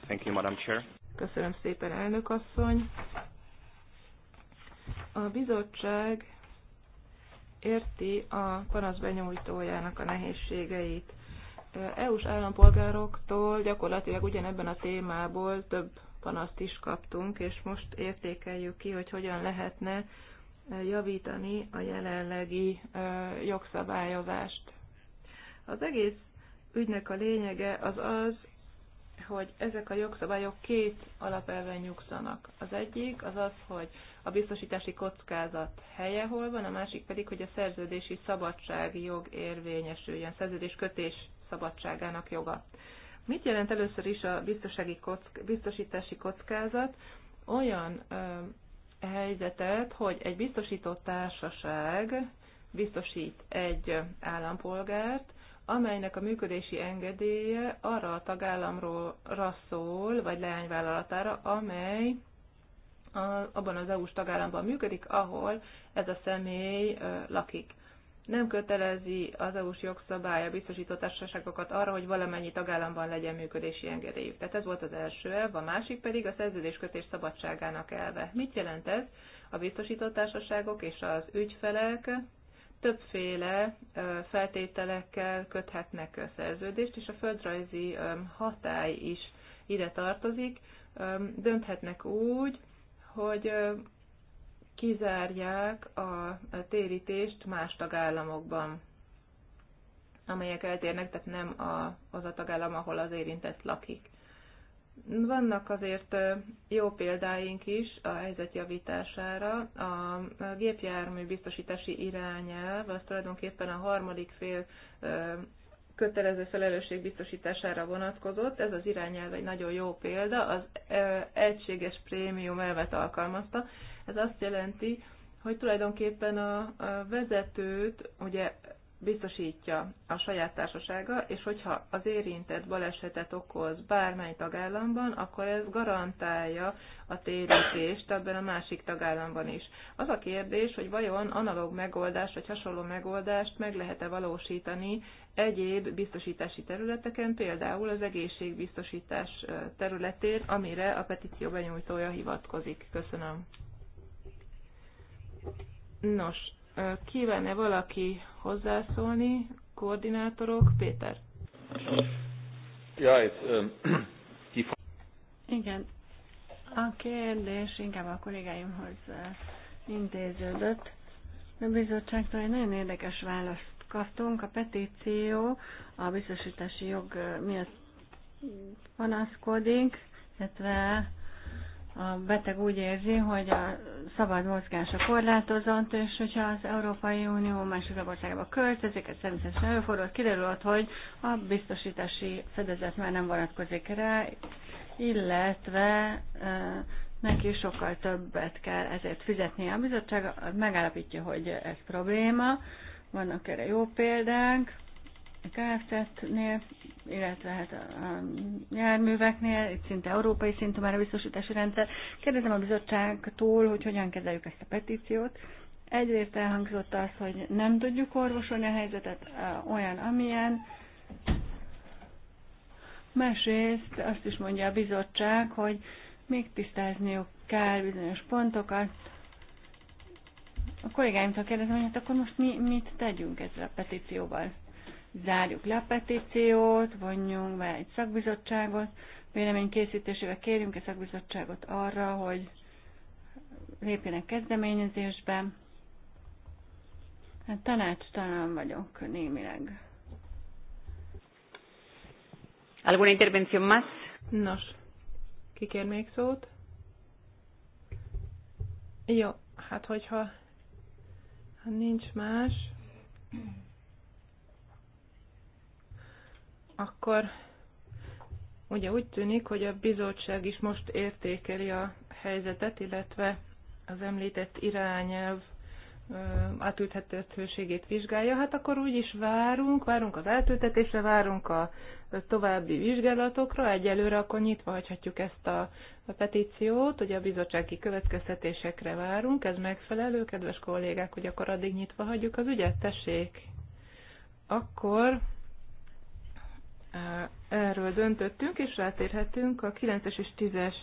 Thank you, Madam Chair. Köszönöm szépen, elnök asszony. A bizottság érti a panasz benyújtójának a nehézségeit. EU-s e állampolgároktól gyakorlatilag ugyanebben a témából több panaszt is kaptunk, és most értékeljük ki, hogy hogyan lehetne e, javítani a jelenlegi e, jogszabályozást az egész ügynek a lényege az az, hogy ezek a jogszabályok két alapelven nyugszanak. Az egyik az az, hogy a biztosítási kockázat helye hol van, a másik pedig, hogy a szerződési szabadság jog érvényesüljön, szerződés kötés szabadságának joga. Mit jelent először is a biztosági kock, biztosítási kockázat? Olyan ö, helyzetet, hogy egy biztosított társaság biztosít egy állampolgárt, amelynek a működési engedélye arra a tagállamról szól, vagy leányvállalatára, amely a, abban az EU-s tagállamban működik, ahol ez a személy ö, lakik. Nem kötelezi az EU-s jogszabály a biztosító társaságokat arra, hogy valamennyi tagállamban legyen működési engedélyük. Tehát ez volt az első elv, a másik pedig a szerződéskötés szabadságának elve. Mit jelent ez? A biztosító társaságok és az ügyfelek többféle feltételekkel köthetnek szerződést, és a földrajzi hatály is ide tartozik. Dönthetnek úgy, hogy kizárják a térítést más tagállamokban, amelyek eltérnek, tehát nem az a tagállam, ahol az érintett lakik. Vannak azért jó példáink is a helyzet javítására. A gépjármű biztosítási irányelv az tulajdonképpen a harmadik fél kötelező felelősség biztosítására vonatkozott. Ez az irányelv egy nagyon jó példa, az egységes prémium elvet alkalmazta. Ez azt jelenti, hogy tulajdonképpen a vezetőt ugye biztosítja a saját társasága, és hogyha az érintett balesetet okoz bármely tagállamban, akkor ez garantálja a térítést ebben a másik tagállamban is. Az a kérdés, hogy vajon analóg megoldást vagy hasonló megoldást meg lehet-e valósítani egyéb biztosítási területeken, például az egészségbiztosítás területén, amire a petíció benyújtója hivatkozik. Köszönöm. Nos, Kívánne valaki hozzászólni? Koordinátorok, Péter. Ja, itt, um, Igen, a kérdés inkább a kollégáimhoz intéződött. A bizottságtól egy nagyon érdekes választ kaptunk. A petíció a biztosítási jog miatt panaszkodik, illetve a beteg úgy érzi, hogy a szabad mozgása korlátozott, és hogyha az Európai Unió másik országába költözik, ez természetesen előfordul, kiderül hogy a biztosítási fedezet már nem vonatkozik rá, illetve neki sokkal többet kell ezért fizetnie. A bizottság megállapítja, hogy ez probléma, vannak erre jó példánk, kfz nél illetve hát a járműveknél, itt szinte európai szintű már a biztosítási rendszer. Kérdezem a bizottságtól, hogy hogyan kezeljük ezt a petíciót. Egyrészt elhangzott az, hogy nem tudjuk orvosolni a helyzetet olyan, amilyen. Másrészt azt is mondja a bizottság, hogy még tisztázniuk kell bizonyos pontokat. A kollégáimtól kérdezem, hogy hát akkor most mi, mit tegyünk ezzel a petícióval? zárjuk le a petíciót, vonjunk be egy szakbizottságot, készítésével kérjünk a szakbizottságot arra, hogy lépjenek kezdeményezésbe. Hát tanácstalan vagyok némileg. Alguna intervención más? Nos, ki kér még szót? Jó, hát hogyha ha nincs más, akkor ugye úgy tűnik, hogy a bizottság is most értékeli a helyzetet, illetve az említett irányelv átültethetőségét vizsgálja, hát akkor úgy is várunk, várunk az átültetésre, várunk a további vizsgálatokra, egyelőre akkor nyitva hagyhatjuk ezt a, a petíciót, hogy a bizottsági következtetésekre várunk, ez megfelelő, kedves kollégák, hogy akkor addig nyitva hagyjuk az ügyet, tessék. Akkor erről döntöttünk, és rátérhetünk a 9-es és 10-es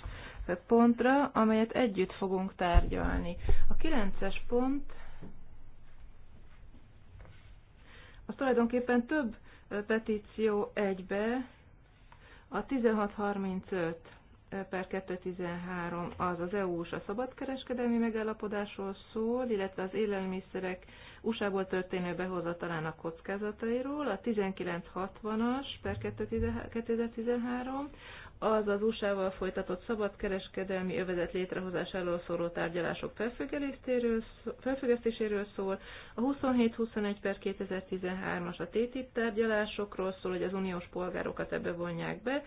pontra, amelyet együtt fogunk tárgyalni. A 9-es pont az tulajdonképpen több petíció egybe, a 1635 per 2013 az az EU-s a szabadkereskedelmi megállapodásról szól, illetve az élelmiszerek USA-ból történő behozatalának kockázatairól, a 1960-as per 2013, az az USA-val folytatott szabadkereskedelmi övezet létrehozásáról szóló tárgyalások felfüggesztéséről szól, a 27-21 per 2013-as a TTIP tárgyalásokról szól, hogy az uniós polgárokat ebbe vonják be,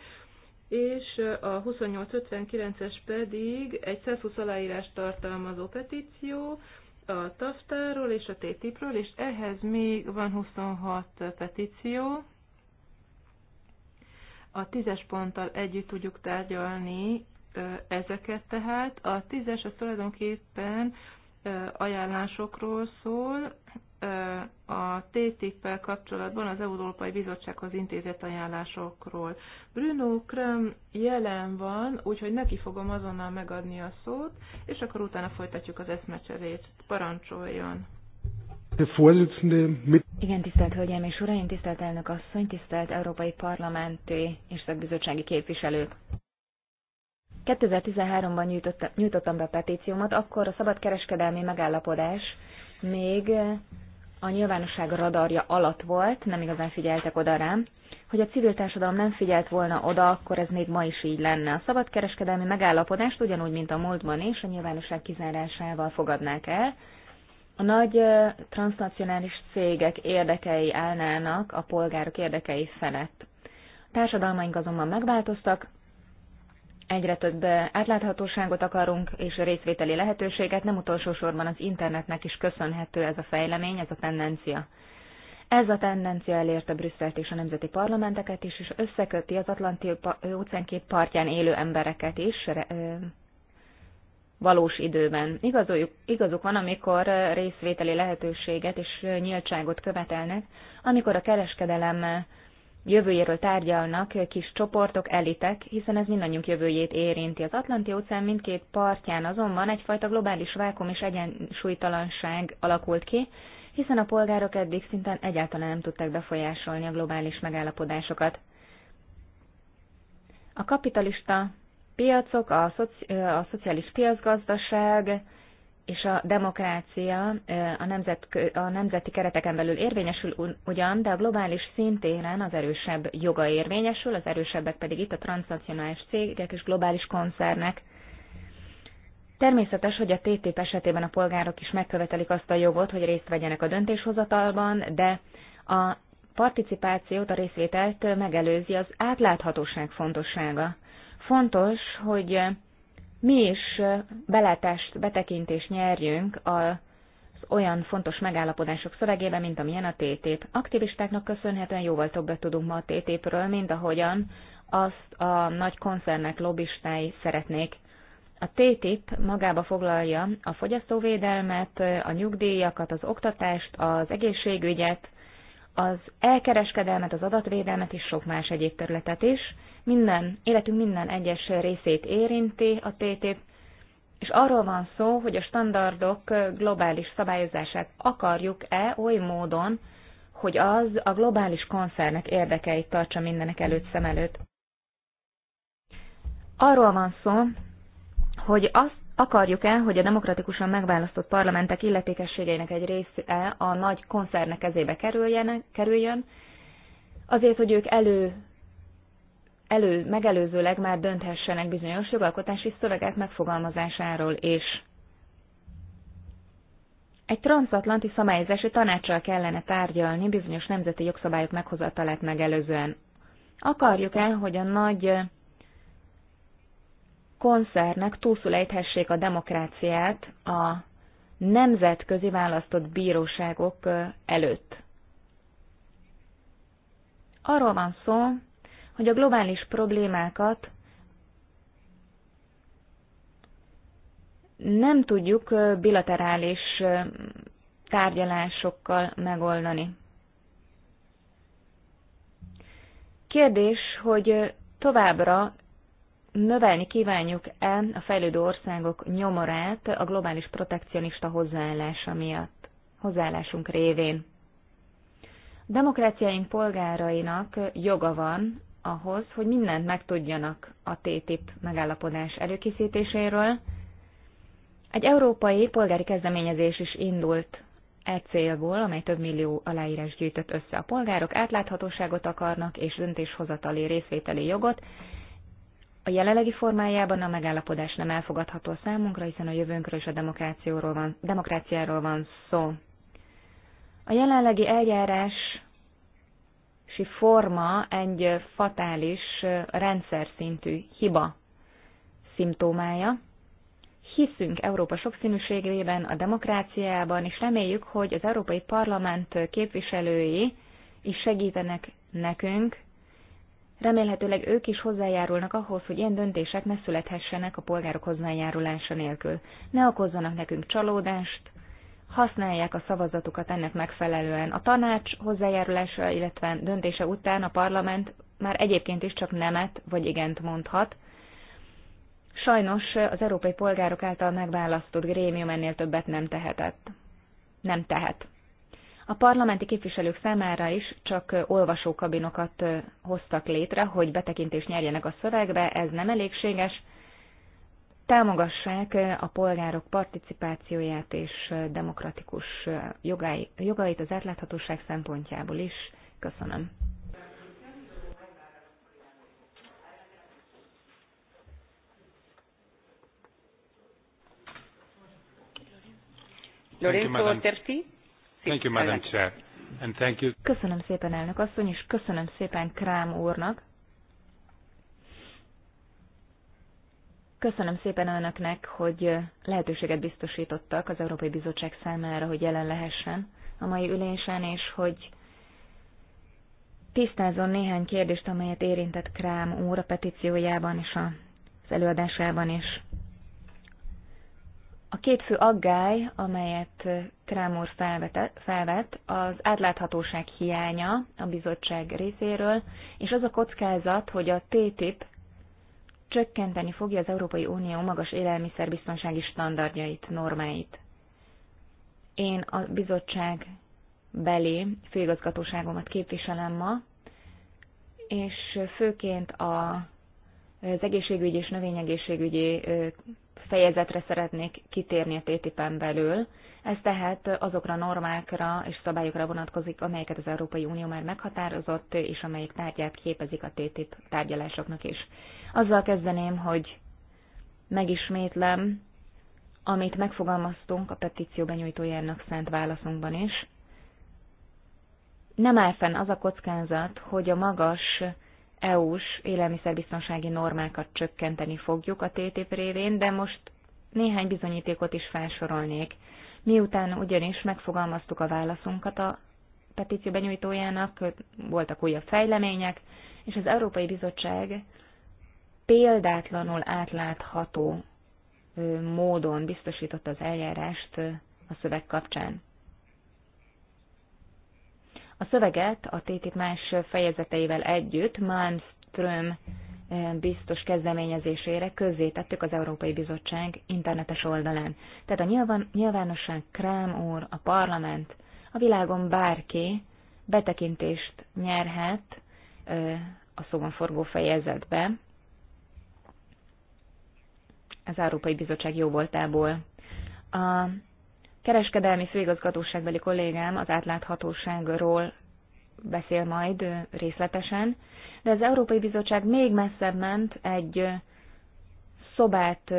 és a 2859-es pedig egy 120 aláírás tartalmazó petíció, a Taftáról és a TTIP-ről, és ehhez még van 26 petíció. A tízes ponttal együtt tudjuk tárgyalni ezeket tehát. A tízes az tulajdonképpen ajánlásokról szól, a TTIP-pel kapcsolatban az Európai Bizottsághoz intézett ajánlásokról. Bruno Krem jelen van, úgyhogy neki fogom azonnal megadni a szót, és akkor utána folytatjuk az eszmecserét. Parancsoljon! Igen, tisztelt Hölgyeim és Uraim, tisztelt elnök asszony, tisztelt európai parlamenti és szakbizottsági képviselők! 2013-ban nyújtottam, nyújtottam be a petíciómat, akkor a szabadkereskedelmi megállapodás még a nyilvánosság radarja alatt volt, nem igazán figyeltek oda rám, hogy a civil társadalom nem figyelt volna oda, akkor ez még ma is így lenne. A szabadkereskedelmi megállapodást ugyanúgy, mint a múltban is, a nyilvánosság kizárásával fogadnák el. A nagy transnacionális cégek érdekei állnának a polgárok érdekei felett. A társadalmaink azonban megváltoztak, Egyre több átláthatóságot akarunk, és részvételi lehetőséget, nem utolsó sorban az internetnek is köszönhető ez a fejlemény, ez a tendencia. Ez a tendencia elérte Brüsszelt és a nemzeti parlamenteket is, és összeköti az Atlanti óceánkép partján élő embereket is valós időben. Igazoljuk, igazuk van, amikor részvételi lehetőséget és nyíltságot követelnek, amikor a kereskedelem jövőjéről tárgyalnak kis csoportok, elitek, hiszen ez mindannyiunk jövőjét érinti. Az Atlanti-óceán mindkét partján azonban egyfajta globális vákum és egyensúlytalanság alakult ki, hiszen a polgárok eddig szinten egyáltalán nem tudták befolyásolni a globális megállapodásokat. A kapitalista piacok, a, szoci, a szociális piacgazdaság, és a demokrácia a, nemzet, a nemzeti kereteken belül érvényesül ugyan, de a globális szintéren az erősebb joga érvényesül, az erősebbek pedig itt a transnacionális cégek és globális koncernek. Természetes, hogy a TTIP esetében a polgárok is megkövetelik azt a jogot, hogy részt vegyenek a döntéshozatalban, de a participációt, a részvételt megelőzi az átláthatóság fontossága. Fontos, hogy mi is beletest, betekintést nyerjünk a olyan fontos megállapodások szövegébe, mint amilyen a TTIP. Aktivistáknak köszönhetően jóval többet tudunk ma a TTIP-ről, mint ahogyan azt a nagy koncernek lobbistái szeretnék. A TTIP magába foglalja a fogyasztóvédelmet, a nyugdíjakat, az oktatást, az egészségügyet, az elkereskedelmet, az adatvédelmet és sok más egyéb területet is, minden, életünk minden egyes részét érinti a TTIP, és arról van szó, hogy a standardok globális szabályozását akarjuk-e oly módon, hogy az a globális koncernek érdekeit tartsa mindenek előtt szem előtt. Arról van szó, hogy azt akarjuk-e, hogy a demokratikusan megválasztott parlamentek illetékességeinek egy része a nagy koncernek kezébe kerüljön, azért, hogy ők elő elő, megelőzőleg már dönthessenek bizonyos jogalkotási szövegek megfogalmazásáról is. Egy transatlanti szabályozási tanácssal kellene tárgyalni bizonyos nemzeti jogszabályok meghozatalát megelőzően. Akarjuk-e, hogy a nagy koncernek túlszulejthessék a demokráciát a nemzetközi választott bíróságok előtt? Arról van szó, hogy a globális problémákat nem tudjuk bilaterális tárgyalásokkal megoldani. Kérdés, hogy továbbra növelni kívánjuk-e a fejlődő országok nyomorát a globális protekcionista hozzáállása miatt, hozzáállásunk révén. Demokráciáink polgárainak joga van ahhoz, hogy mindent megtudjanak a TTIP megállapodás előkészítéséről. Egy európai polgári kezdeményezés is indult e célból, amely több millió aláírás gyűjtött össze. A polgárok átláthatóságot akarnak és döntéshozatali részvételi jogot. A jelenlegi formájában a megállapodás nem elfogadható számunkra, hiszen a jövőnkről és a demokrációról van, demokráciáról van szó. A jelenlegi eljárás megoldási forma egy fatális rendszer szintű hiba szimptomája. Hiszünk Európa sokszínűségében, a demokráciában, és reméljük, hogy az Európai Parlament képviselői is segítenek nekünk. Remélhetőleg ők is hozzájárulnak ahhoz, hogy ilyen döntések ne születhessenek a polgárok hozzájárulása nélkül. Ne okozzanak nekünk csalódást, használják a szavazatukat ennek megfelelően. A tanács hozzájárulása, illetve döntése után a parlament már egyébként is csak nemet vagy igent mondhat. Sajnos az európai polgárok által megválasztott grémium ennél többet nem tehetett. Nem tehet. A parlamenti képviselők számára is csak olvasókabinokat hoztak létre, hogy betekintést nyerjenek a szövegbe, ez nem elégséges, támogassák eh, a polgárok participációját és eh, demokratikus eh, jogai, jogait az átláthatóság szempontjából is. Köszönöm. Lorenzo Terti. Köszönöm szépen, elnök asszony, és köszönöm szépen Krám úrnak, Köszönöm szépen önöknek, hogy lehetőséget biztosítottak az Európai Bizottság számára, hogy jelen lehessen a mai ülésen, és hogy tisztázon néhány kérdést, amelyet érintett Krám úr a petíciójában és az előadásában is. A két fő aggály, amelyet Krám úr felvett, az átláthatóság hiánya a bizottság részéről, és az a kockázat, hogy a TTIP csökkenteni fogja az Európai Unió magas élelmiszerbiztonsági standardjait, normáit. Én a bizottság belé főigazgatóságomat képviselem ma, és főként a, az egészségügyi és növényegészségügyi fejezetre szeretnék kitérni a TTIP-en belül. Ez tehát azokra a normákra és szabályokra vonatkozik, amelyeket az Európai Unió már meghatározott, és amelyek tárgyát képezik a TTIP tárgyalásoknak is. Azzal kezdeném, hogy megismétlem, amit megfogalmaztunk a petíció benyújtójának szent válaszunkban is. Nem áll fenn az a kockázat, hogy a magas EU-s élelmiszerbiztonsági normákat csökkenteni fogjuk a TTIP révén, de most néhány bizonyítékot is felsorolnék. Miután ugyanis megfogalmaztuk a válaszunkat a petíció benyújtójának, voltak újabb fejlemények, és az Európai Bizottság példátlanul átlátható módon biztosította az eljárást a szöveg kapcsán. A szöveget a TTIP más fejezeteivel együtt Malmström eh, biztos kezdeményezésére közzétettük az Európai Bizottság internetes oldalán. Tehát a nyilván, nyilvánosság, Krám úr, a parlament, a világon bárki betekintést nyerhet eh, a szóban forgó fejezetbe az Európai Bizottság jóvoltából. A kereskedelmi főigazgatóságbeli kollégám az átláthatóságról beszél majd részletesen, de az Európai Bizottság még messzebb ment, egy szobát,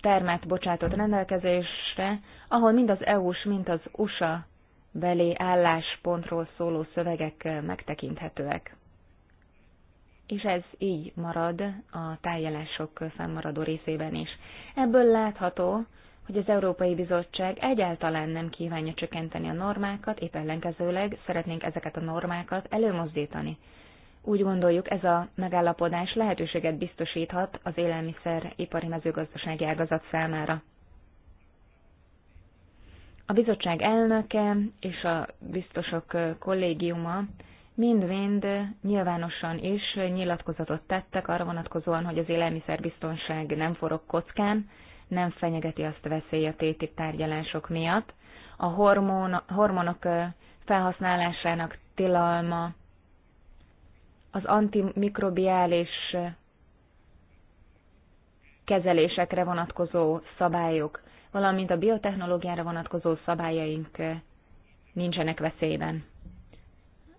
termet bocsátott rendelkezésre, ahol mind az EU-s, mind az USA belé álláspontról szóló szövegek megtekinthetőek. És ez így marad a tájjelások fennmaradó részében is. Ebből látható, hogy az Európai Bizottság egyáltalán nem kívánja csökkenteni a normákat, épp ellenkezőleg szeretnénk ezeket a normákat előmozdítani. Úgy gondoljuk, ez a megállapodás lehetőséget biztosíthat az élelmiszeripari mezőgazdasági ágazat számára. A bizottság elnöke és a biztosok kollégiuma mind-mind nyilvánosan is nyilatkozatot tettek arra vonatkozóan, hogy az élelmiszerbiztonság nem forog kockán, nem fenyegeti azt a veszély a TTIP tárgyalások miatt. A hormon, hormonok felhasználásának tilalma, az antimikrobiális kezelésekre vonatkozó szabályok, valamint a biotechnológiára vonatkozó szabályaink nincsenek veszélyben.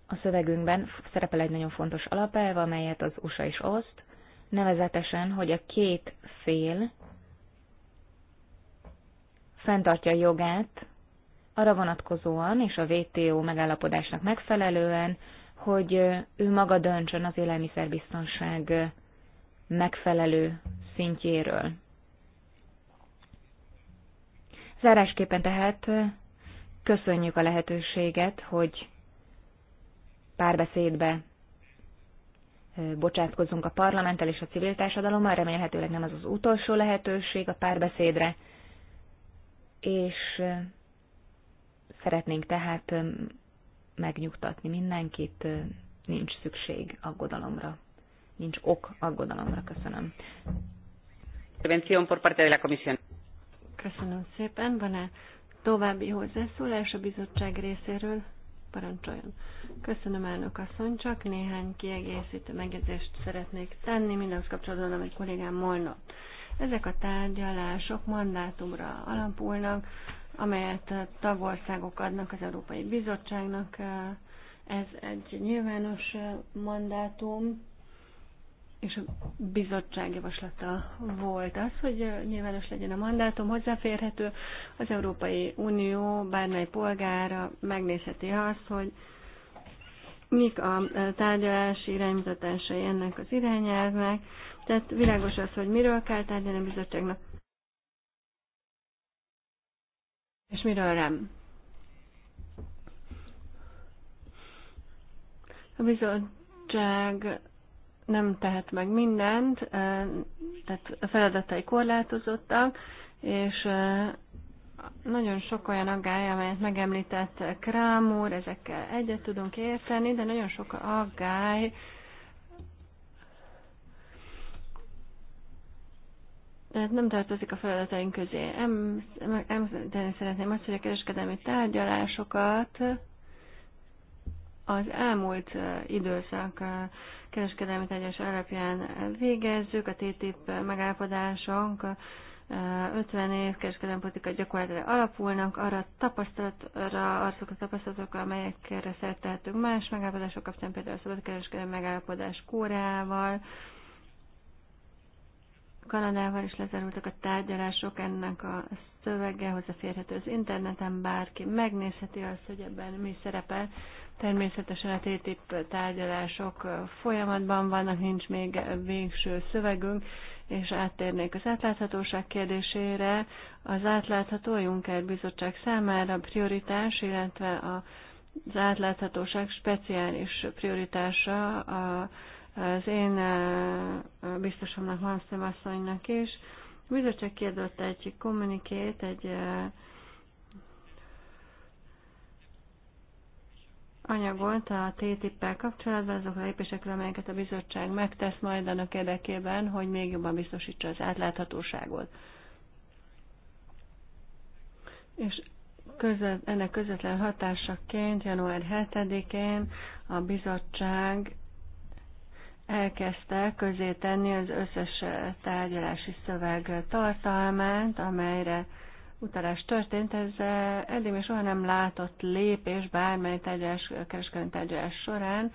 A szövegünkben szerepel egy nagyon fontos alapelv, amelyet az USA is oszt, nevezetesen, hogy a két fél fenntartja jogát arra vonatkozóan és a WTO megállapodásnak megfelelően, hogy ő maga döntsön az élelmiszerbiztonság megfelelő szintjéről. Zárásképpen tehát köszönjük a lehetőséget, hogy párbeszédbe bocsátkozunk a parlamenttel és a civil társadalommal, remélhetőleg nem az az utolsó lehetőség a párbeszédre, és szeretnénk tehát megnyugtatni mindenkit, nincs szükség aggodalomra, nincs ok aggodalomra, köszönöm. Köszönöm szépen, van-e további hozzászólás a bizottság részéről? parancsoljon. Köszönöm, elnök asszony, csak néhány kiegészítő megjegyzést szeretnék tenni, mindaz kapcsolatban, amit kollégám molna. Ezek a tárgyalások mandátumra alapulnak, amelyet a tagországok adnak az Európai Bizottságnak. Ez egy nyilvános mandátum, és a bizottság javaslata volt az, hogy nyilvános legyen a mandátum, hozzáférhető. Az Európai Unió bármely polgára megnézheti azt, hogy mik a tárgyalási iránymutatásai ennek az irányelvnek, tehát világos az, hogy miről kell tárgyalni a bizottságnak, és miről nem. A bizottság nem tehet meg mindent, eh, tehát a feladatai korlátozottak, és eh, nagyon sok olyan aggály, amelyet megemlített Krámúr, ezekkel egyet tudunk érteni, de nagyon sok aggály tehát nem tartozik a feladataink közé. Említeni szeretném azt, hogy a kereskedelmi tárgyalásokat az elmúlt időszak kereskedelmi tárgyalás alapján végezzük, a TTIP megállapodások 50 év kereskedelmi politika gyakorlatilag alapulnak arra tapasztalatra, azok a tapasztalatokra, amelyekre szertehetünk más megállapodások kapcsán, például a szabadkereskedelmi megállapodás kórával. Kanadával is lezárultak a tárgyalások, ennek a szövege hozzáférhető az interneten, bárki megnézheti azt, hogy ebben mi szerepel. Természetesen a TTIP tárgyalások folyamatban vannak, nincs még végső szövegünk, és áttérnék az átláthatóság kérdésére. Az átlátható Juncker Bizottság számára prioritás, illetve a, az átláthatóság speciális prioritása a az én biztosomnak, Malmström asszonynak is. A bizottság kiadott egy kommunikét, egy anyagot a ttip el kapcsolatban, azok a lépésekről, amelyeket a bizottság megtesz majd annak érdekében, hogy még jobban biztosítsa az átláthatóságot. És között, ennek közvetlen hatásaként január 7-én a bizottság elkezdte közé tenni az összes tárgyalási szöveg tartalmát, amelyre utalás történt. Ez eddig még soha nem látott lépés bármely tárgyalás, kereskedelmi tárgyalás során,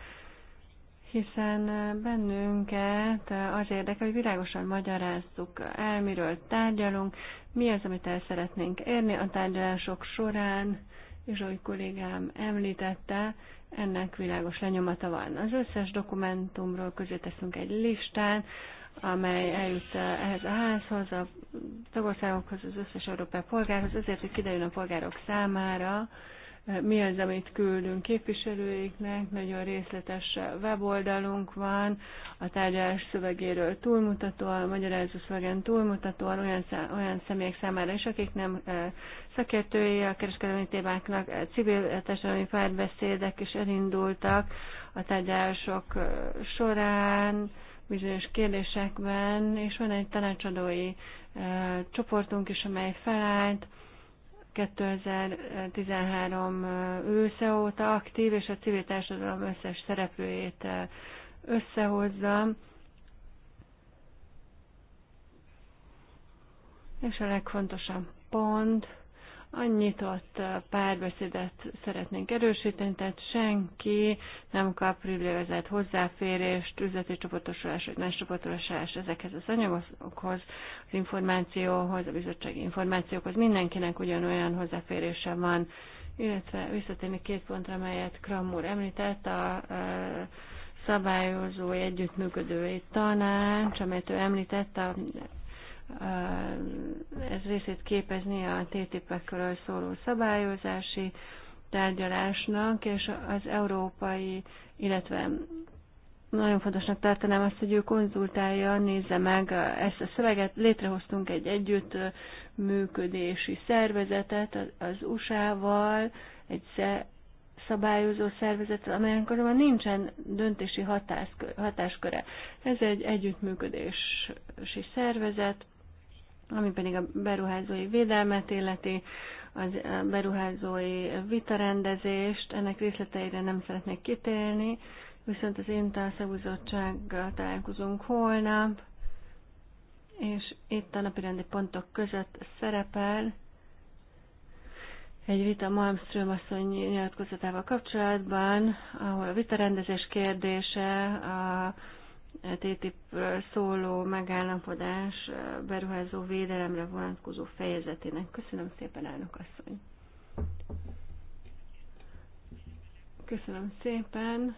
hiszen bennünket az érdekel, hogy világosan magyarázzuk el, miről tárgyalunk, mi az, amit el szeretnénk érni a tárgyalások során, és ahogy kollégám említette, ennek világos lenyomata van. Az összes dokumentumról közé teszünk egy listán, amely eljut ehhez a házhoz, a tagországokhoz, az összes európai polgárhoz, azért, hogy kiderüljön a polgárok számára, mi az, amit küldünk képviselőiknek, nagyon részletes weboldalunk van, a tárgyalás szövegéről túlmutatóan, magyarázó szövegen túlmutatóan olyan, olyan személyek számára is, akik nem e, szakértői a kereskedelmi témáknak, e, civil e, társadalmi párbeszédek is elindultak a tárgyalások során, bizonyos kérdésekben, és van egy tanácsadói csoportunk is, amely felállt, 2013 ősze óta aktív, és a civil társadalom összes szereplőjét eh, összehozza. És a legfontosabb pont, annyit nyitott párbeszédet szeretnénk erősíteni, tehát senki nem kap privilegizált hozzáférést, üzleti csoportosulás vagy más csoportosulás ezekhez az anyagokhoz, az információhoz, a bizottsági információkhoz, mindenkinek ugyanolyan hozzáférése van, illetve visszatérni két pontra, amelyet Kram úr említett, a, a szabályozói együttműködői tanács, amelyet ő említett, a ez részét képezni a TTIP-ekről szóló szabályozási tárgyalásnak, és az európai, illetve nagyon fontosnak tartanám azt, hogy ő konzultálja, nézze meg ezt a szöveget. Létrehoztunk egy együttműködési szervezetet az USA-val, egy szabályozó szervezet, amelyen azonban nincsen döntési hatáskö, hatásköre. Ez egy együttműködési szervezet, ami pedig a beruházói védelmet illeti, az eh, beruházói vitarendezést, ennek részleteire nem szeretnék kitérni, viszont az Intel szabúzottsággal találkozunk holnap, és itt a napirendi pontok között szerepel egy vita Malmström asszony nyilatkozatával kapcsolatban, ahol a vitarendezés kérdése, a TTIP-ről szóló megállapodás beruházó védelemre vonatkozó fejezetének. Köszönöm szépen, elnök asszony! Köszönöm szépen!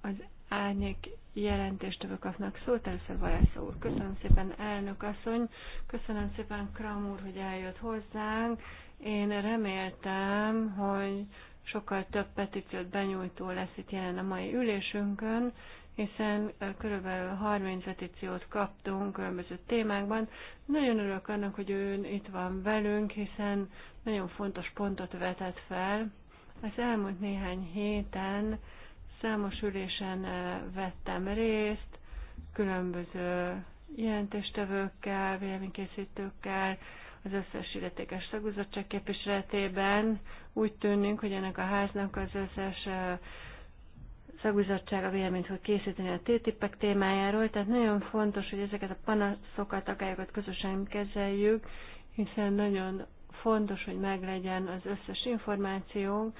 Az árnyék jelentéstevő kapnak szót, először Valász úr. Köszönöm szépen, elnök asszony, köszönöm szépen, Kram úr, hogy eljött hozzánk. Én reméltem, hogy sokkal több petíciót benyújtó lesz itt jelen a mai ülésünkön, hiszen körülbelül 30 petíciót kaptunk különböző témákban. Nagyon örülök annak, hogy ő itt van velünk, hiszen nagyon fontos pontot vetett fel. Az elmúlt néhány héten számos ülésen vettem részt, különböző jelentéstevőkkel, véleménykészítőkkel, az összes illetékes szakbizottság képviseletében. Úgy tűnik, hogy ennek a háznak az összes szakbizottság a véleményt fog készíteni a TTIP-ek témájáról, tehát nagyon fontos, hogy ezeket a panaszokat, akályokat közösen kezeljük, hiszen nagyon fontos, hogy meglegyen az összes információnk.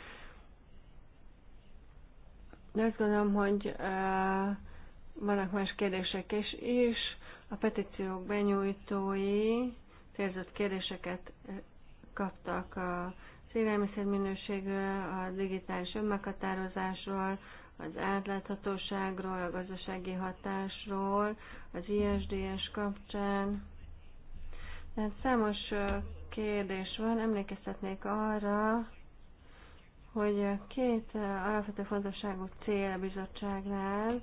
De azt gondolom, hogy uh, vannak más kérdések is, és a petíciók benyújtói célzott kérdéseket kaptak a élelmiszerminőségről, a digitális önmeghatározásról, az átláthatóságról, a gazdasági hatásról, az ISDS kapcsán. Tehát számos kérdés van, emlékeztetnék arra, hogy két alapvető fontosságú cél a bizottságnál,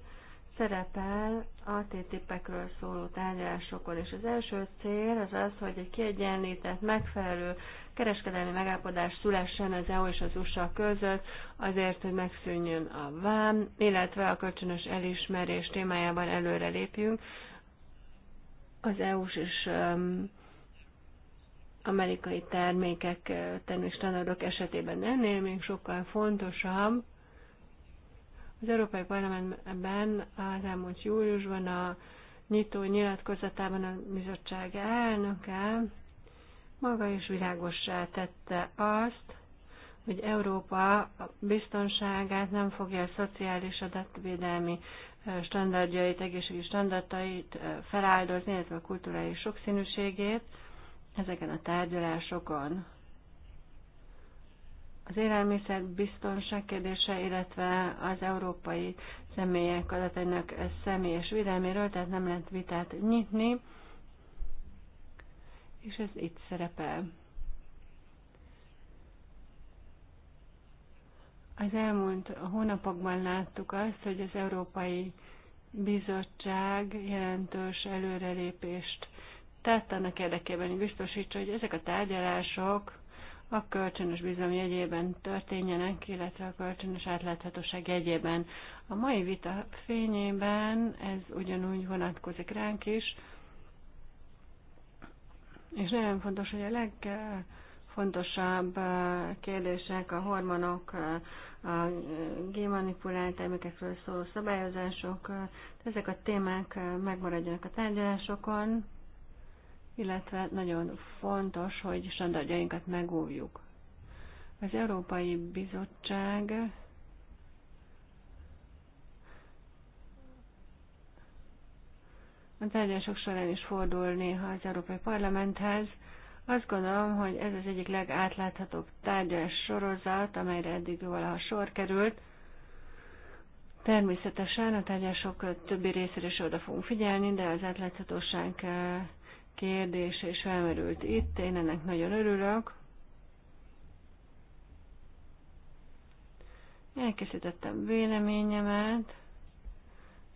szerepel a TTIP-ekről szóló tárgyalásokon, és az első cél az az, hogy egy kiegyenlített, megfelelő kereskedelmi megállapodás szülessen az EU és az USA között, azért, hogy megszűnjön a vám, illetve a kölcsönös elismerés témájában előre lépjünk. Az EU-s és um, amerikai termékek, termékstandardok esetében ennél még sokkal fontosabb, az Európai Parlamentben az elmúlt júliusban a nyitó nyilatkozatában a bizottság elnöke maga is világossá tette azt, hogy Európa a biztonságát nem fogja a szociális adatvédelmi standardjait, egészségügyi standardait feláldozni, illetve a kulturális sokszínűségét ezeken a tárgyalásokon az élelmiszer biztonság kérdése, illetve az európai személyek adatainak személyes védelméről, tehát nem lehet vitát nyitni, és ez itt szerepel. Az elmúlt hónapokban láttuk azt, hogy az Európai Bizottság jelentős előrelépést tett annak érdekében, hogy biztosítsa, hogy ezek a tárgyalások a kölcsönös bizalom jegyében történjenek, illetve a kölcsönös átláthatóság jegyében. A mai vita fényében ez ugyanúgy vonatkozik ránk is, és nagyon fontos, hogy a legfontosabb eh, kérdések a hormonok, eh, a gémanipulált termékekről szóló szabályozások, eh, ezek a témák megmaradjanak a tárgyalásokon, illetve nagyon fontos, hogy standardjainkat megóvjuk. Az Európai Bizottság a tárgyalások során is fordul néha az Európai Parlamenthez. Azt gondolom, hogy ez az egyik legátláthatóbb tárgyalás sorozat, amelyre eddig valaha sor került. Természetesen a tárgyások többi részére is oda fogunk figyelni, de az átláthatóság eh, kérdése is felmerült itt, én ennek nagyon örülök. Elkészítettem véleményemet,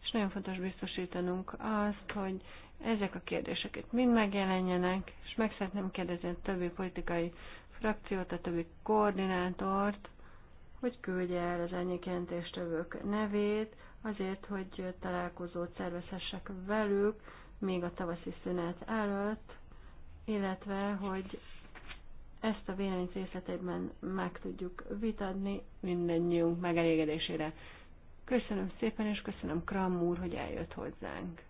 és nagyon fontos biztosítanunk azt, hogy ezek a kérdések itt mind megjelenjenek, és meg szeretném kérdezni a többi politikai frakciót, a többi koordinátort, hogy küldje el az ennyi jelentéstevők nevét, azért, hogy találkozót szervezhessek velük, még a tavaszi szünet előtt, illetve hogy ezt a vélemény részletében meg tudjuk vitatni mindennyiunk megelégedésére. Köszönöm szépen, és köszönöm Kram úr, hogy eljött hozzánk.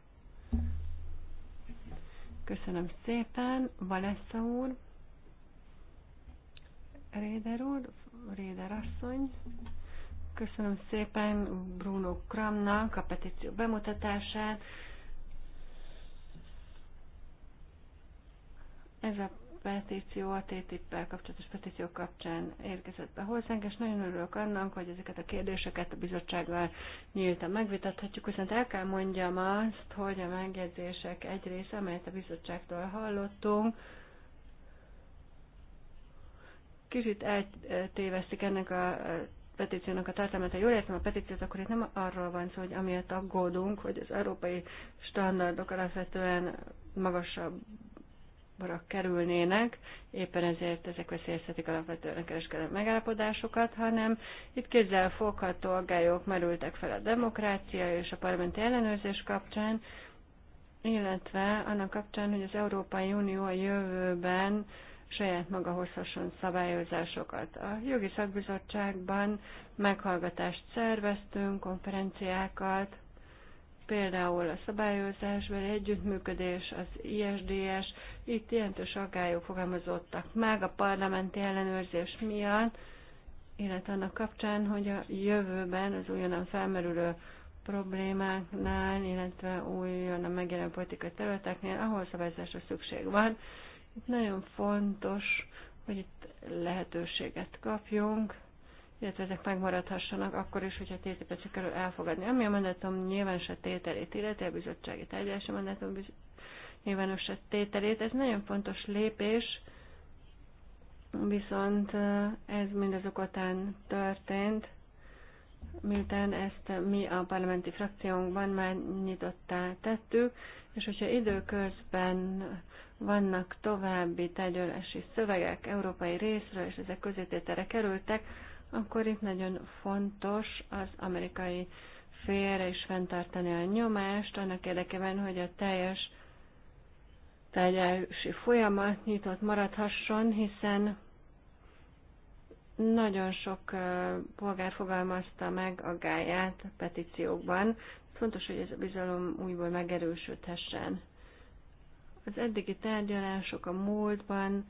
Köszönöm szépen, Valessa úr, Réder úr, Réder asszony. Köszönöm szépen Bruno Kramnak a petíció bemutatását. Ez a petíció a TTIP-pel kapcsolatos petíció kapcsán érkezett be hozzánk, és nagyon örülök annak, hogy ezeket a kérdéseket a bizottsággal nyíltan megvitathatjuk, viszont el kell mondjam azt, hogy a megjegyzések egy része, amelyet a bizottságtól hallottunk, kicsit eltévesztik ennek a petíciónak a tartalmát. Ha jól értem a petíciót, akkor itt nem arról van szó, hogy amiatt aggódunk, hogy az európai standardok alapvetően magasabb barak kerülnének, éppen ezért ezek veszélyeztetik alapvetően a kereskedelmi megállapodásokat, hanem itt kézzel fogható aggályok merültek fel a demokrácia és a parlamenti ellenőrzés kapcsán, illetve annak kapcsán, hogy az Európai Unió a jövőben saját maga hozhasson szabályozásokat. A jogi szakbizottságban meghallgatást szerveztünk, konferenciákat, például a szabályozásban együttműködés, az ISDS, itt jelentős aggályok fogalmazottak meg a parlamenti ellenőrzés miatt, illetve annak kapcsán, hogy a jövőben az újonnan felmerülő problémáknál, illetve újonnan megjelenő politikai területeknél, ahol szabályozásra szükség van. Itt nagyon fontos, hogy itt lehetőséget kapjunk, illetve ezek megmaradhassanak akkor is, hogyha ttip sikerül elfogadni. Ami a mandátum a tételét illeti, a bizottsági tárgyalási mandátum a tételét, ez nagyon fontos lépés, viszont ez mindazok után történt, miután ezt mi a parlamenti frakciónkban már nyitottá tettük, és hogyha időközben vannak további tárgyalási szövegek európai részről, és ezek közététere kerültek, akkor itt nagyon fontos az amerikai félre is fenntartani a nyomást, annak érdekében, hogy a teljes tárgyalási folyamat nyitott maradhasson, hiszen nagyon sok polgár fogalmazta meg a gáját a petíciókban. Fontos, hogy ez a bizalom újból megerősödhessen. Az eddigi tárgyalások a múltban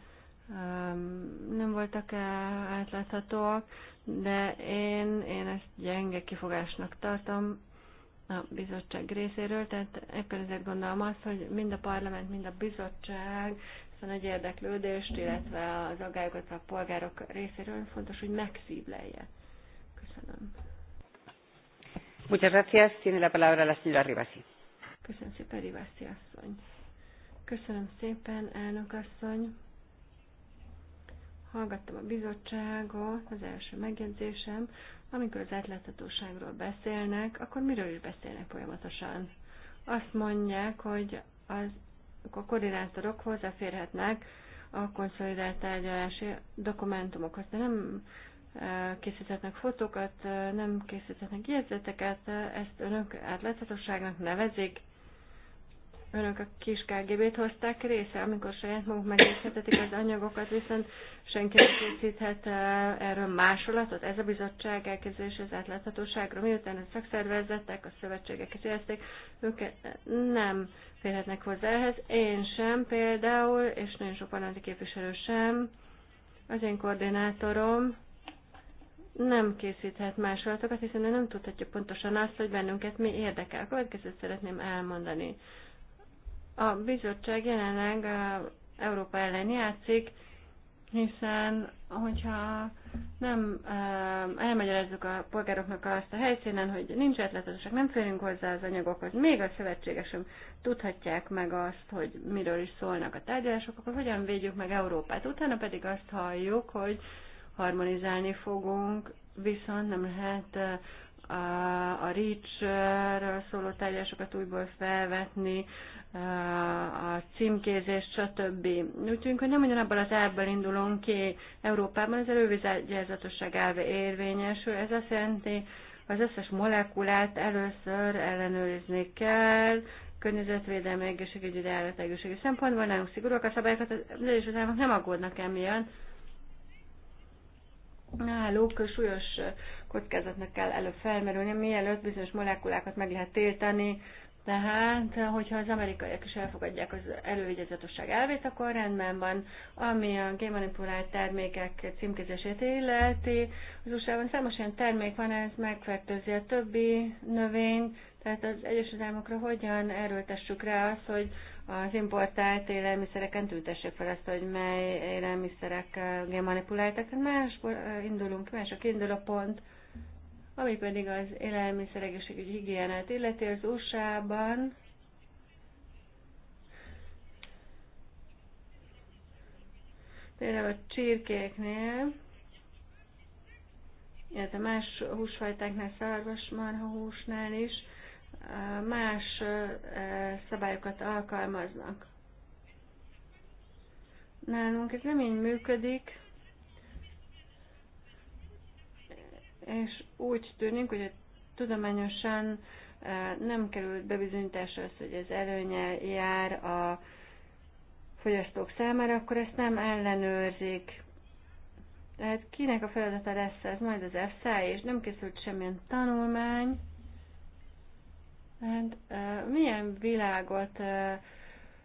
nem voltak e átláthatóak, de én, én ezt gyenge kifogásnak tartom a bizottság részéről, tehát ekkor ezért gondolom azt, hogy mind a parlament, mind a bizottság szóval a nagy érdeklődést, illetve az aggályokat a polgárok részéről fontos, hogy megszívlelje. Köszönöm. Muchas gracias. Tiene la palabra la señora Rivasi. Köszönöm szépen, Rivasi asszony. Köszönöm szépen, elnök asszony hallgattam a bizottságot, az első megjegyzésem, amikor az átláthatóságról beszélnek, akkor miről is beszélnek folyamatosan? Azt mondják, hogy az, a koordinátorok hozzáférhetnek a konszolidált tárgyalási dokumentumokhoz, de nem eh, készíthetnek fotókat, eh, nem készíthetnek jegyzeteket, eh, ezt önök átláthatóságnak nevezik önök a kis KGB-t hozták része, amikor saját maguk megérthetetik az anyagokat, viszont senki nem készíthet erről másolatot. Ez a bizottság elképzelése az átláthatóságra, miután a szakszervezetek, a szövetségek jelezték, ők nem férhetnek hozzá ehhez. Én sem például, és nagyon sok parlamenti képviselő sem, az én koordinátorom nem készíthet másolatokat, hiszen ő nem tudhatja pontosan azt, hogy bennünket mi érdekel. Következőt szeretném elmondani a bizottság jelenleg Európa ellen játszik, hiszen hogyha nem elmagyarázzuk a polgároknak azt a helyszínen, hogy nincs ötletesek, nem férünk hozzá az anyagokhoz, még a szövetségesünk tudhatják meg azt, hogy miről is szólnak a tárgyalások, akkor hogyan védjük meg Európát. Utána pedig azt halljuk, hogy harmonizálni fogunk, viszont nem lehet a, a REACH-ről szóló tárgyalásokat újból felvetni, a címkézés, stb. Úgyhogy, hogy nem ugyanabban az elvben indulunk ki Európában, az elővizetgyelzatosság elve érvényesül. Ez azt jelenti, az összes molekulát először ellenőrizni kell, környezetvédelmi, egészségügyi, de állategészségügyi szempontból nálunk szigorúak a szabályokat, az is az nem aggódnak emiatt. Náluk súlyos kockázatnak kell előbb felmerülni, mielőtt bizonyos molekulákat meg lehet tiltani, tehát, hogyha az amerikaiak is elfogadják az elővigyázatosság elvét, akkor rendben van. Ami a gémanipulált termékek címkézését illeti, az USA-ban számos olyan termék van, ez megfertőzi a többi növény, tehát az Egyesült Államokra hogyan erőltessük rá azt, hogy az importált élelmiszereken tüntessék fel azt, hogy mely élelmiszerek eh, gémanipuláltak. Másból eh, indulunk, más a a pont. Ami pedig az élelmiszeregészségügyi higiénát illeti, az USA-ban például a csirkéknél, illetve más húsfajtáknál, szarvasmarha húsnál is más szabályokat alkalmaznak. Nálunk ez nem így működik, és úgy tűnik, hogy tudományosan eh, nem került bebizonyításra az, hogy ez előnye jár a fogyasztók számára, akkor ezt nem ellenőrzik. Tehát kinek a feladata lesz ez majd az FSA, és nem készült semmilyen tanulmány. Hát, eh, milyen világot eh,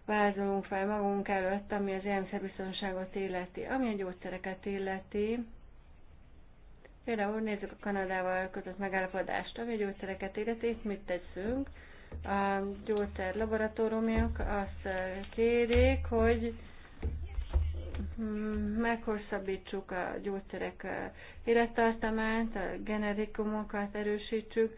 vázolunk fel magunk előtt, ami az élmiszerbiztonságot illeti, ami a gyógyszereket illeti. Például nézzük a Kanadával között megállapodást, ami a gyógyszereket illeti, mit tegyünk. A gyógyszer laboratóriumok azt kérik, hogy hmm, meghosszabbítsuk a gyógyszerek élettartamát, a generikumokat erősítsük,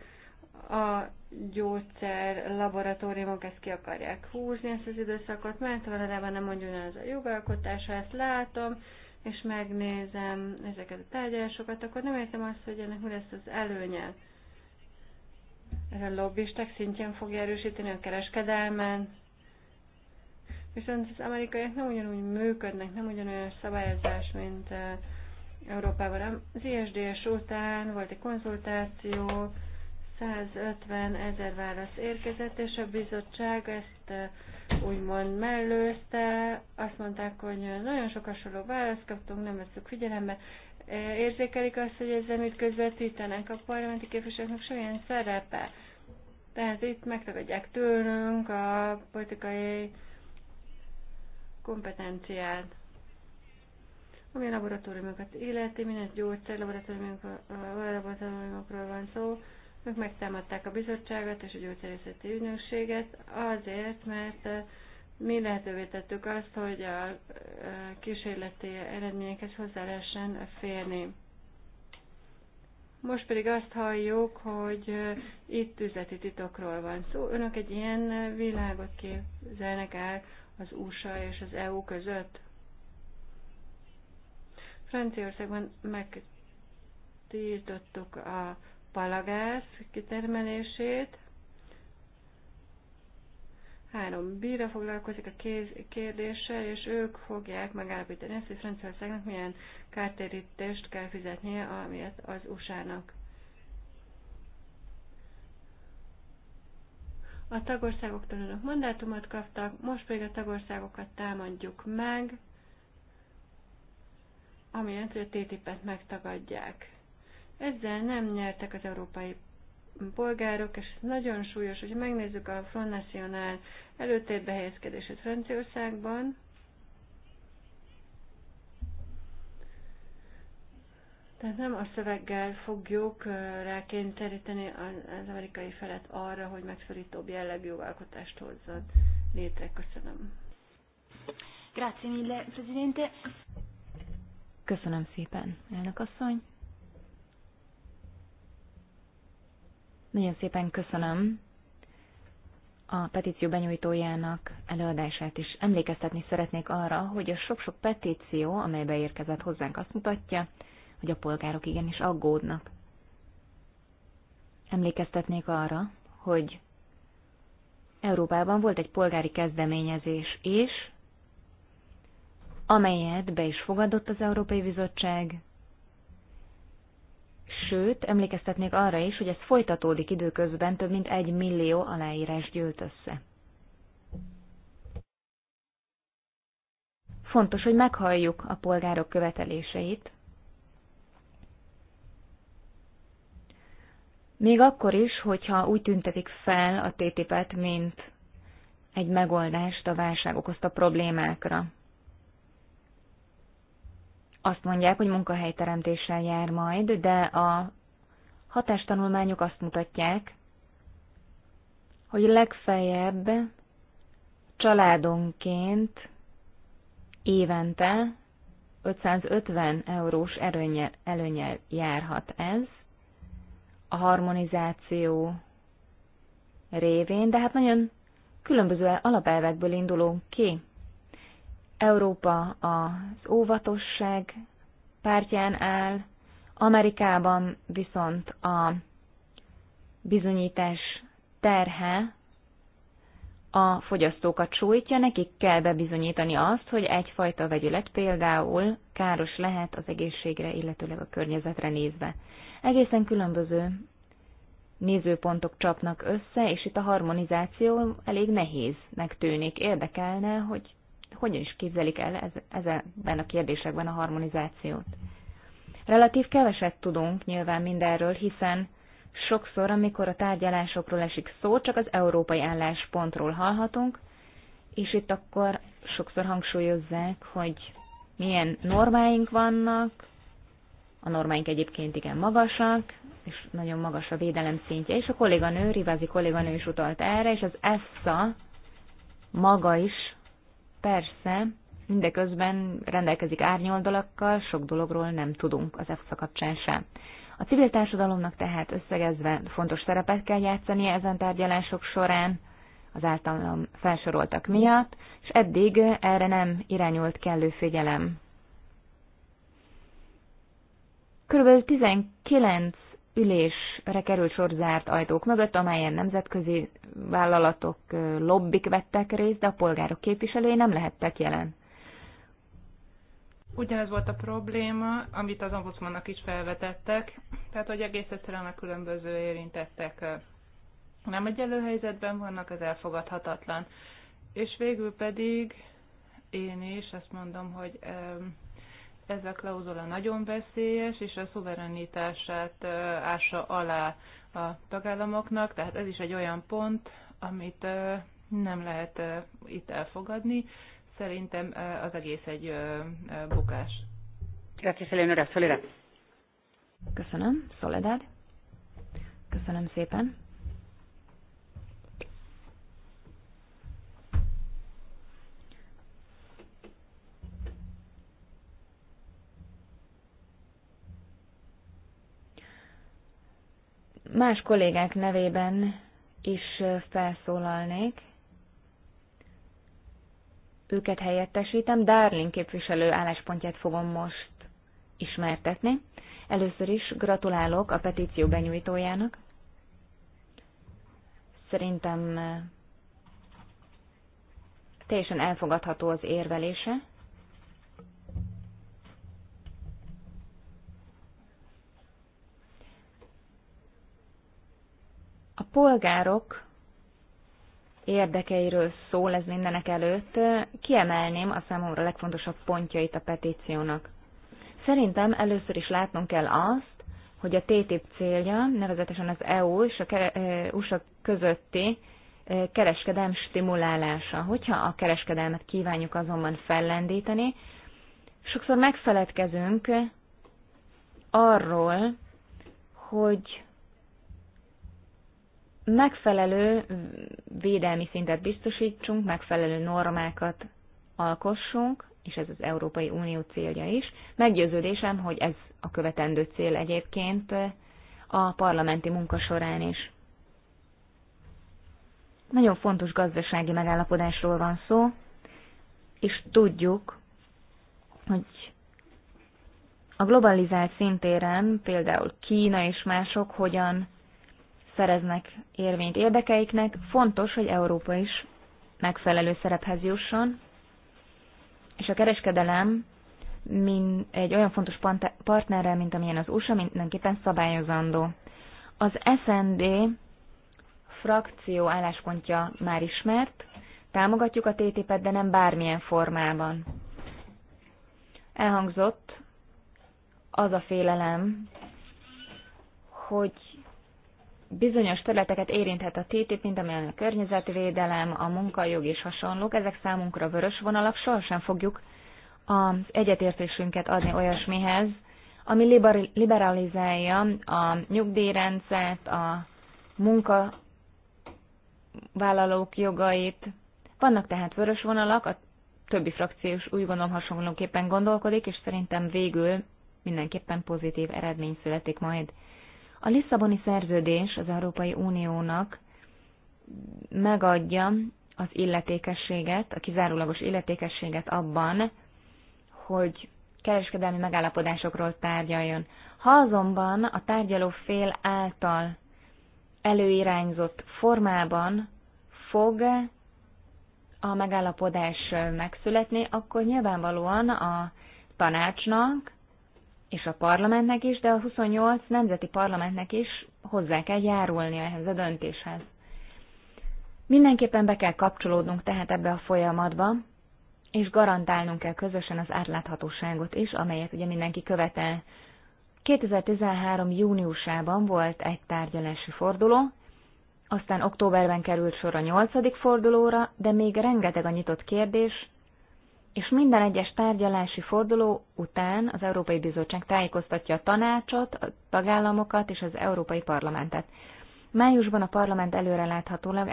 a gyógyszer laboratóriumok ezt ki akarják húzni ezt az időszakot, mert valójában nem mondjuk az a jogalkotás, ezt látom, és megnézem ezeket a tárgyalásokat, akkor nem értem azt, hogy ennek mi lesz az előnye. Ez a lobbisták szintjén fogja erősíteni a kereskedelmen, viszont az amerikaiak nem ugyanúgy működnek, nem ugyanolyan szabályozás, mint eh, Európában. Az ISDS után volt egy konzultáció, 150 ezer válasz érkezett, és a bizottság ezt eh, úgymond mellőzte. Azt mondták, hogy eh, nagyon sok hasonló választ kaptunk, nem veszük figyelembe. Eh, érzékelik azt, hogy ezzel mit közvetítenek a parlamenti képviselőknek semmilyen szerepe. Tehát itt megtagadják tőlünk a politikai kompetenciát ami a laboratóriumokat illeti, minden gyógyszer laboratóriumokról van szó, ők megtámadták a bizottságot és a gyógyszerészeti ügynökséget azért, mert eh, mi lehetővé tettük azt, hogy a eh, kísérleti eredményekhez hozzá lehessen férni. Most pedig azt halljuk, hogy eh, itt üzleti titokról van szó. Szóval önök egy ilyen világot képzelnek el az USA és az EU között? Franciaországban megtiltottuk a palagáz kitermelését. Három bíra foglalkozik a kéz kérdéssel, és ők fogják megállapítani ezt, hogy Franciaországnak milyen kártérítést kell fizetnie, amilyet az USA-nak. A tagországoktól önök mandátumot kaptak, most pedig a tagországokat támadjuk meg, amilyen hogy a TTIP-et megtagadják. Ezzel nem nyertek az európai polgárok, és nagyon súlyos, hogy megnézzük a Front National előtérbe helyezkedését Franciaországban, Tehát nem a szöveggel fogjuk rákényszeríteni az amerikai felet arra, hogy megszorítóbb jellegű jogalkotást hozzon létre. Köszönöm. Grazie mille, Presidente. Köszönöm szépen, elnök asszony. Nagyon szépen köszönöm a petíció benyújtójának előadását is. Emlékeztetni szeretnék arra, hogy a sok-sok petíció, amely beérkezett hozzánk, azt mutatja, hogy a polgárok igenis aggódnak. Emlékeztetnék arra, hogy Európában volt egy polgári kezdeményezés is, amelyet be is fogadott az Európai Bizottság, Sőt, emlékeztetnék arra is, hogy ez folytatódik időközben, több mint egy millió aláírás gyűlt össze. Fontos, hogy meghalljuk a polgárok követeléseit, Még akkor is, hogyha úgy tüntetik fel a TTIP-et, mint egy megoldást a válság okozta problémákra. Azt mondják, hogy munkahelyteremtéssel jár majd, de a hatástanulmányok azt mutatják, hogy legfeljebb családonként évente 550 eurós előnyel, előnyel járhat ez a harmonizáció révén, de hát nagyon különböző alapelvekből indulunk ki. Európa az óvatosság pártján áll, Amerikában viszont a bizonyítás terhe a fogyasztókat sújtja, nekik kell bebizonyítani azt, hogy egyfajta vegyület például káros lehet az egészségre, illetőleg a környezetre nézve. Egészen különböző nézőpontok csapnak össze, és itt a harmonizáció elég nehéznek tűnik. Érdekelne, hogy hogyan is képzelik el ezekben a kérdésekben a harmonizációt. Relatív keveset tudunk nyilván mindenről, hiszen sokszor, amikor a tárgyalásokról esik szó, csak az európai álláspontról hallhatunk, és itt akkor sokszor hangsúlyozzák, hogy milyen normáink vannak, a normáink egyébként igen magasak, és nagyon magas a védelem szintje, és a kolléganő, Rivázi kolléganő is utalt erre, és az EFSA maga is Persze, mindeközben rendelkezik árnyoldalakkal, sok dologról nem tudunk az EFSA kapcsán sem. A civil társadalomnak tehát összegezve fontos szerepet kell játszani ezen tárgyalások során, az általam felsoroltak miatt, és eddig erre nem irányult kellő figyelem. Körülbelül 19 ülésre került sor zárt ajtók mögött, amelyen nemzetközi vállalatok, lobbik vettek részt, de a polgárok képviselői nem lehettek jelen. Ugyanez volt a probléma, amit az ombudsmannak is felvetettek, tehát hogy egész egyszerűen a különböző érintettek nem egyenlő helyzetben vannak, ez elfogadhatatlan. És végül pedig én is azt mondom, hogy ez a klauzula nagyon veszélyes, és a szuverenitását ássa alá a tagállamoknak, tehát ez is egy olyan pont, amit nem lehet itt elfogadni. Szerintem az egész egy bukás. Köszönöm, Soledad. Köszönöm szépen. Más kollégák nevében is felszólalnék. Őket helyettesítem, Darling képviselő álláspontját fogom most ismertetni. Először is gratulálok a petíció benyújtójának. Szerintem teljesen elfogadható az érvelése. A polgárok érdekeiről szól ez mindenek előtt, kiemelném a számomra legfontosabb pontjait a petíciónak. Szerintem először is látnunk kell azt, hogy a TTIP célja, nevezetesen az EU és a e, USA közötti e, kereskedelm stimulálása. Hogyha a kereskedelmet kívánjuk azonban fellendíteni, sokszor megfeledkezünk arról, hogy megfelelő védelmi szintet biztosítsunk, megfelelő normákat alkossunk, és ez az Európai Unió célja is. Meggyőződésem, hogy ez a követendő cél egyébként a parlamenti munka során is. Nagyon fontos gazdasági megállapodásról van szó, és tudjuk, hogy a globalizált szintéren például Kína és mások hogyan szereznek érvényt érdekeiknek, fontos, hogy Európa is megfelelő szerephez jusson, és a kereskedelem mint egy olyan fontos partnerrel, mint amilyen az USA, mindenképpen szabályozandó. Az SND frakció álláspontja már ismert, támogatjuk a TTIP-et, de nem bármilyen formában. Elhangzott az a félelem, hogy bizonyos területeket érinthet a TTIP, mint amilyen a környezetvédelem, a munkajog és hasonlók, ezek számunkra vörös vonalak, sohasem fogjuk az egyetértésünket adni olyasmihez, ami liberalizálja a nyugdíjrendszert, a munkavállalók jogait. Vannak tehát vörös vonalak, a többi frakciós úgy gondolom hasonlóképpen gondolkodik, és szerintem végül mindenképpen pozitív eredmény születik majd. A Lisszaboni szerződés az Európai Uniónak megadja az illetékességet, a kizárólagos illetékességet abban, hogy kereskedelmi megállapodásokról tárgyaljon. Ha azonban a tárgyaló fél által előirányzott formában fog a megállapodás megszületni, akkor nyilvánvalóan a tanácsnak és a parlamentnek is, de a 28 nemzeti parlamentnek is hozzá kell járulni ehhez a döntéshez. Mindenképpen be kell kapcsolódnunk tehát ebbe a folyamatba, és garantálnunk kell közösen az átláthatóságot is, amelyet ugye mindenki követel. 2013. júniusában volt egy tárgyalási forduló, aztán októberben került sor a nyolcadik fordulóra, de még rengeteg a nyitott kérdés, és minden egyes tárgyalási forduló után az Európai Bizottság tájékoztatja a tanácsot, a tagállamokat és az Európai Parlamentet. Májusban a parlament előreláthatólag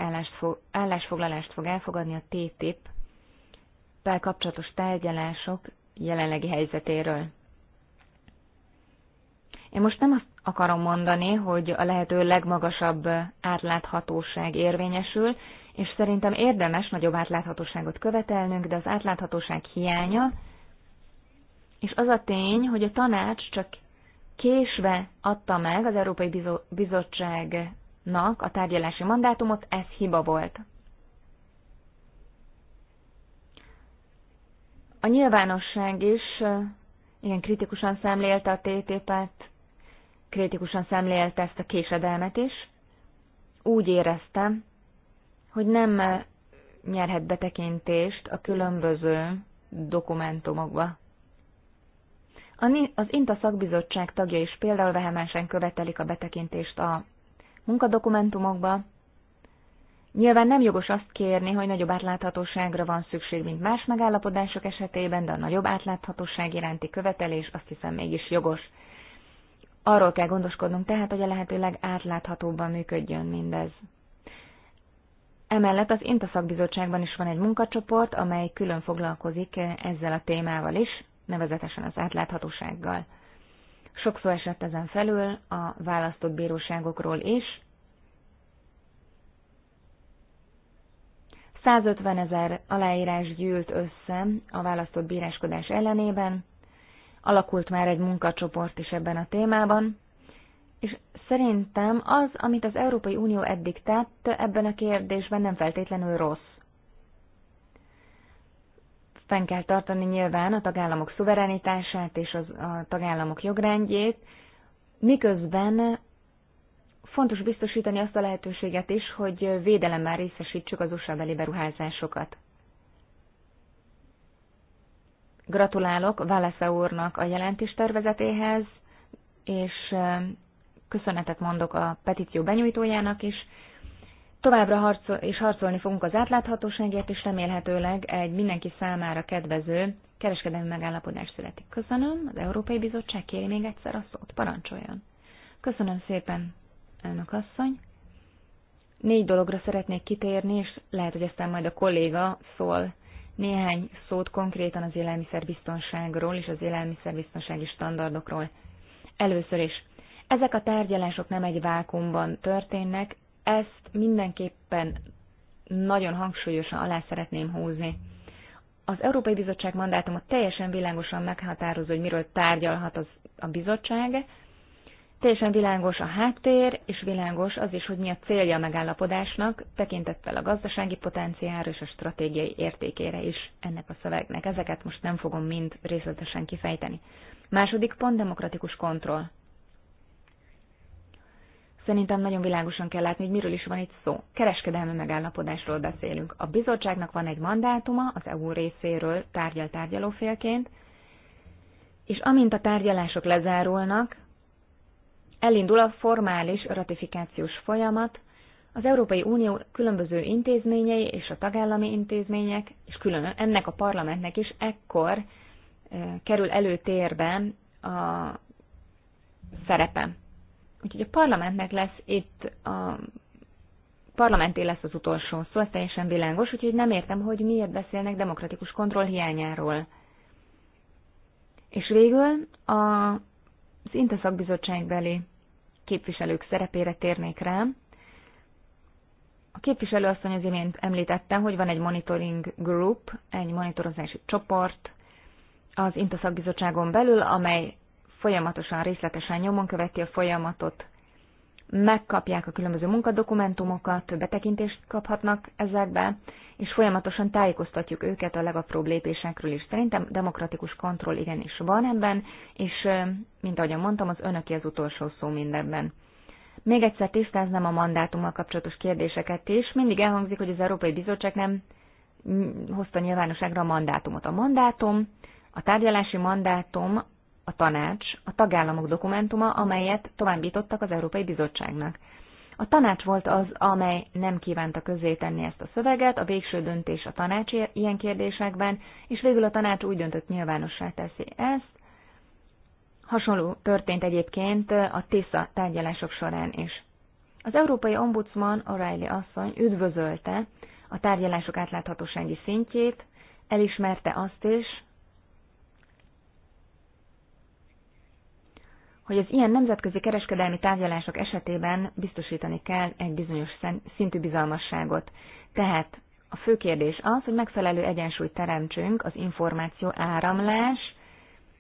állásfoglalást fog elfogadni a TTIP-vel kapcsolatos tárgyalások jelenlegi helyzetéről. Én most nem azt akarom mondani, hogy a lehető legmagasabb átláthatóság érvényesül, és szerintem érdemes nagyobb átláthatóságot követelnünk, de az átláthatóság hiánya, és az a tény, hogy a tanács csak késve adta meg az Európai Bizottságnak a tárgyalási mandátumot, ez hiba volt. A nyilvánosság is igen kritikusan szemlélte a TTP-t, kritikusan szemlélte ezt a késedelmet is. Úgy éreztem, hogy nem eh, nyerhet betekintést a különböző dokumentumokba. Az INTA szakbizottság tagja is például vehemensen követelik a betekintést a munkadokumentumokba. Nyilván nem jogos azt kérni, hogy nagyobb átláthatóságra van szükség, mint más megállapodások esetében, de a nagyobb átláthatóság iránti követelés azt hiszem mégis jogos. Arról kell gondoskodnunk tehát, hogy a lehető legátláthatóbban működjön mindez. Emellett az INTA szakbizottságban is van egy munkacsoport, amely külön foglalkozik ezzel a témával is, nevezetesen az átláthatósággal. Sokszor esett ezen felül a választott bíróságokról is. 150 ezer aláírás gyűlt össze a választott bíráskodás ellenében, alakult már egy munkacsoport is ebben a témában, Szerintem az, amit az Európai Unió eddig tett, ebben a kérdésben nem feltétlenül rossz. Fenn kell tartani nyilván a tagállamok szuverenitását és az, a tagállamok jogrendjét, miközben fontos biztosítani azt a lehetőséget is, hogy védelemmel részesítsük az USA beli beruházásokat. Gratulálok Válesze úrnak a jelentés tervezetéhez, és köszönetet mondok a petíció benyújtójának is. Továbbra harcol, és harcolni fogunk az átláthatóságért, és remélhetőleg egy mindenki számára kedvező kereskedelmi megállapodás születik. Köszönöm, az Európai Bizottság kéri még egyszer a szót, parancsoljon. Köszönöm szépen, elnök asszony. Négy dologra szeretnék kitérni, és lehet, hogy aztán majd a kolléga szól néhány szót konkrétan az élelmiszerbiztonságról és az élelmiszerbiztonsági standardokról. Először is ezek a tárgyalások nem egy vákumban történnek, ezt mindenképpen nagyon hangsúlyosan alá szeretném húzni. Az Európai Bizottság mandátumot teljesen világosan meghatározó, hogy miről tárgyalhat az, a bizottság, Teljesen világos a háttér, és világos az is, hogy mi a célja a megállapodásnak, tekintettel a gazdasági potenciára és a stratégiai értékére is ennek a szövegnek. Ezeket most nem fogom mind részletesen kifejteni. Második pont, demokratikus kontroll. Szerintem nagyon világosan kell látni, hogy miről is van itt szó. Kereskedelmi megállapodásról beszélünk. A bizottságnak van egy mandátuma az EU részéről tárgyal-tárgyaló félként, és amint a tárgyalások lezárulnak, elindul a formális ratifikációs folyamat, az Európai Unió különböző intézményei és a tagállami intézmények, és külön ennek a parlamentnek is ekkor eh, kerül előtérbe a szerepe. Úgyhogy a parlamentnek lesz itt a parlamenté lesz az utolsó szó, ez teljesen világos, úgyhogy nem értem, hogy miért beszélnek demokratikus kontroll hiányáról. És végül a, az Intaszakbizottságbeli képviselők szerepére térnék rá. A képviselő képviselőasszony az imént említettem, hogy van egy monitoring group, egy monitorozási csoport az Intaszakbizottságon belül, amely folyamatosan, részletesen nyomon követi a folyamatot, megkapják a különböző munkadokumentumokat, betekintést kaphatnak ezekbe, és folyamatosan tájékoztatjuk őket a legapróbb lépésekről is. Szerintem demokratikus kontroll igenis van ebben, és mint ahogy mondtam, az önöki az utolsó szó mindenben. Még egyszer tisztáznám a mandátummal kapcsolatos kérdéseket is. Mindig elhangzik, hogy az Európai Bizottság nem hozta nyilvánosságra a mandátumot. A mandátum, a tárgyalási mandátum a tanács, a tagállamok dokumentuma, amelyet továbbítottak az Európai Bizottságnak. A tanács volt az, amely nem kívánta közzétenni ezt a szöveget, a végső döntés a tanács ilyen kérdésekben, és végül a tanács úgy döntött nyilvánossá teszi ezt. Hasonló történt egyébként a TISZA tárgyalások során is. Az Európai Ombudsman O'Reilly asszony üdvözölte a tárgyalások átláthatósági szintjét, elismerte azt is, hogy az ilyen nemzetközi kereskedelmi tárgyalások esetében biztosítani kell egy bizonyos szintű bizalmasságot. Tehát a fő kérdés az, hogy megfelelő egyensúlyt teremtsünk az információ áramlás,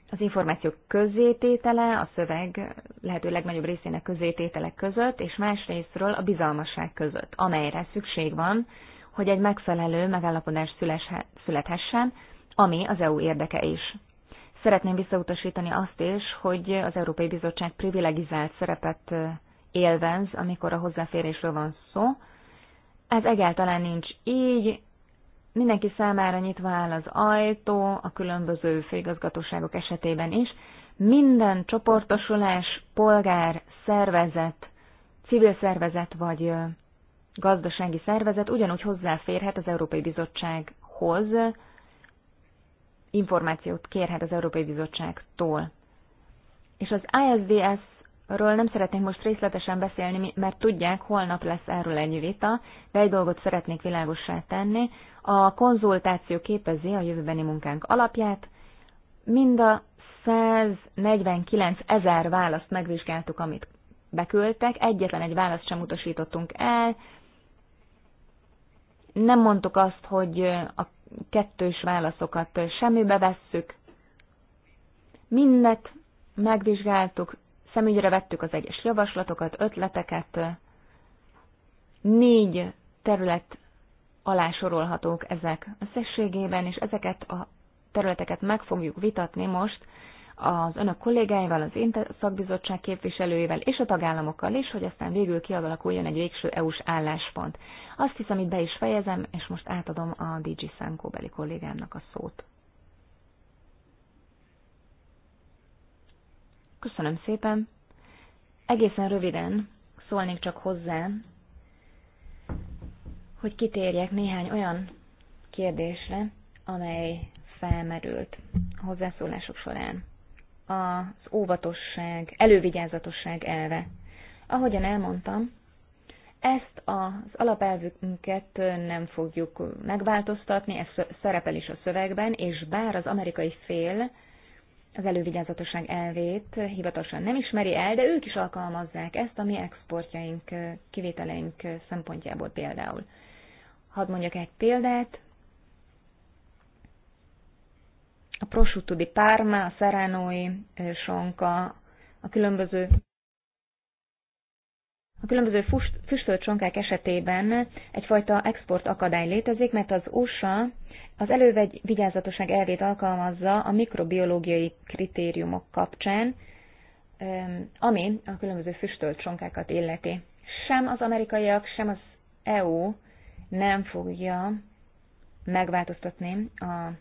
az információk közzététele, a szöveg lehető legnagyobb részének közzététele között, és más a bizalmasság között, amelyre szükség van, hogy egy megfelelő megállapodás születhessen, ami az EU érdeke is. Szeretném visszautasítani azt is, hogy az Európai Bizottság privilegizált szerepet élvez, amikor a hozzáférésről van szó. Ez egyáltalán nincs így, mindenki számára nyitva áll az ajtó, a különböző főigazgatóságok esetében is. Minden csoportosulás, polgár, szervezet, civil szervezet vagy gazdasági szervezet ugyanúgy hozzáférhet az Európai Bizottsághoz, információt kérhet az Európai Bizottságtól. És az ISDS-ről nem szeretnék most részletesen beszélni, mert tudják, holnap lesz erről egy vita, de egy dolgot szeretnék világossá tenni. A konzultáció képezi a jövőbeni munkánk alapját. Mind a 149 ezer választ megvizsgáltuk, amit beküldtek, egyetlen egy választ sem utasítottunk el, nem mondtuk azt, hogy a kettős válaszokat semmibe vesszük. Mindet megvizsgáltuk, szemügyre vettük az egyes javaslatokat, ötleteket. Négy terület alá sorolhatók ezek összességében, és ezeket a területeket meg fogjuk vitatni most az önök kollégáival, az én szakbizottság képviselőivel és a tagállamokkal is, hogy aztán végül kialakuljon egy végső EU-s álláspont. Azt hiszem, itt be is fejezem, és most átadom a DG Sankó beli kollégámnak a szót. Köszönöm szépen. Egészen röviden szólnék csak hozzá, hogy kitérjek néhány olyan kérdésre, amely felmerült a hozzászólások során az óvatosság, elővigyázatosság elve. Ahogyan elmondtam, ezt az alapelvünket nem fogjuk megváltoztatni, ez szerepel is a szövegben, és bár az amerikai fél az elővigyázatosság elvét hivatalosan nem ismeri el, de ők is alkalmazzák ezt a mi exportjaink, kivételeink szempontjából például. Hadd mondjak egy példát, a prosciutto di Parma, a szeránói sonka, a különböző a különböző füstölt sonkák esetében egyfajta export akadály létezik, mert az USA az vigyázatosság elvét alkalmazza a mikrobiológiai kritériumok kapcsán, ami a különböző füstölt sonkákat illeti. Sem az amerikaiak, sem az EU nem fogja megváltoztatni a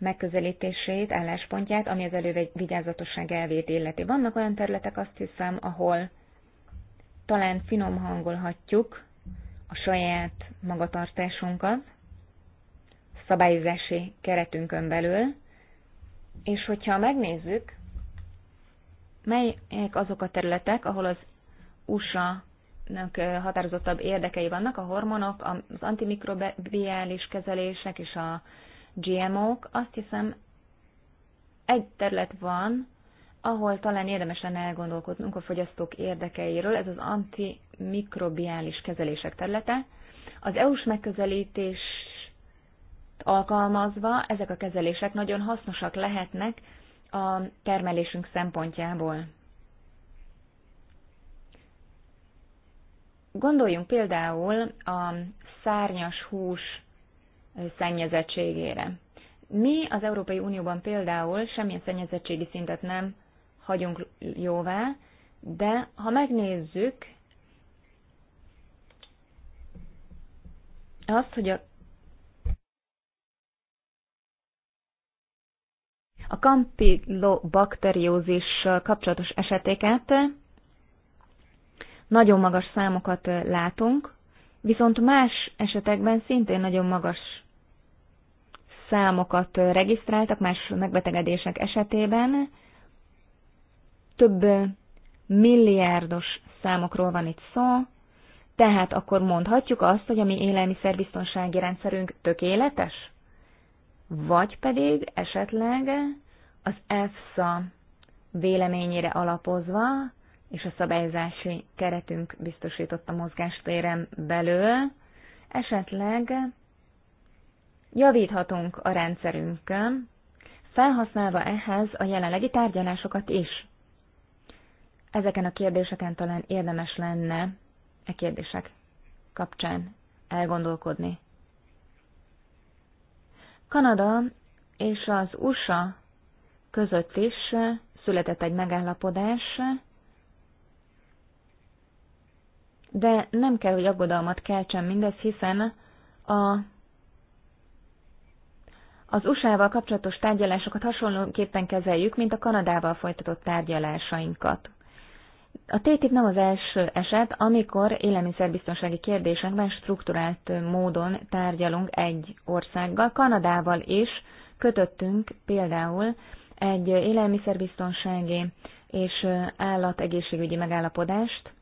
megközelítését, álláspontját, ami az vigyázatosság elvét illeti. Vannak olyan területek, azt hiszem, ahol talán finom hangolhatjuk a saját magatartásunkat, szabályozási keretünkön belül, és hogyha megnézzük, melyek azok a területek, ahol az USA határozottabb érdekei vannak, a hormonok, az antimikrobiális kezelések és a GMO-k, azt hiszem egy terület van, ahol talán érdemes lenne elgondolkodnunk a fogyasztók érdekeiről, ez az antimikrobiális kezelések területe. Az EU-s megközelítés alkalmazva ezek a kezelések nagyon hasznosak lehetnek a termelésünk szempontjából. Gondoljunk például a szárnyas hús szennyezettségére. Mi az Európai Unióban például semmilyen szennyezettségi szintet nem hagyunk jóvá, de ha megnézzük azt, hogy a, a kampilobakteriózissal kapcsolatos eseteket nagyon magas számokat látunk, viszont más esetekben szintén nagyon magas számokat regisztráltak más megbetegedések esetében. Több milliárdos számokról van itt szó, tehát akkor mondhatjuk azt, hogy a mi élelmiszerbiztonsági rendszerünk tökéletes? Vagy pedig esetleg az EFSA véleményére alapozva és a szabályozási keretünk biztosított a mozgástéren belül, esetleg javíthatunk a rendszerünkön, felhasználva ehhez a jelenlegi tárgyalásokat is. Ezeken a kérdéseken talán érdemes lenne e kérdések kapcsán elgondolkodni. Kanada és az USA között is született egy megállapodás, de nem kell, hogy aggodalmat keltsen mindez, hiszen a, az USA-val kapcsolatos tárgyalásokat hasonlóképpen kezeljük, mint a Kanadával folytatott tárgyalásainkat. A TTIP nem az első eset, amikor élelmiszerbiztonsági kérdésekben strukturált módon tárgyalunk egy országgal. Kanadával is kötöttünk például egy élelmiszerbiztonsági és állategészségügyi megállapodást,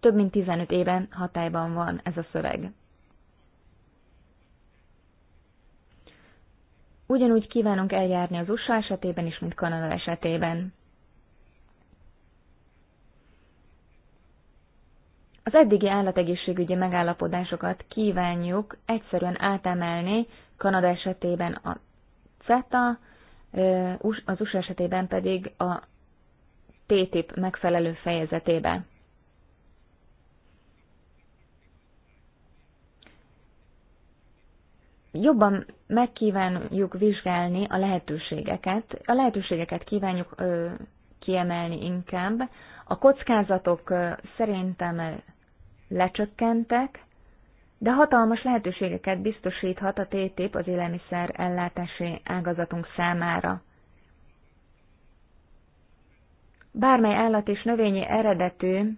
több mint 15 éven hatályban van ez a szöveg. Ugyanúgy kívánunk eljárni az USA esetében is, mint Kanada esetében. Az eddigi állategészségügyi megállapodásokat kívánjuk egyszerűen átemelni, Kanada esetében a CETA, az USA esetében pedig a TTIP megfelelő fejezetében. jobban megkívánjuk vizsgálni a lehetőségeket, a lehetőségeket kívánjuk ö, kiemelni inkább. A kockázatok ö, szerintem lecsökkentek, de hatalmas lehetőségeket biztosíthat a TTIP az élelmiszer ellátási ágazatunk számára. Bármely állat és növényi eredetű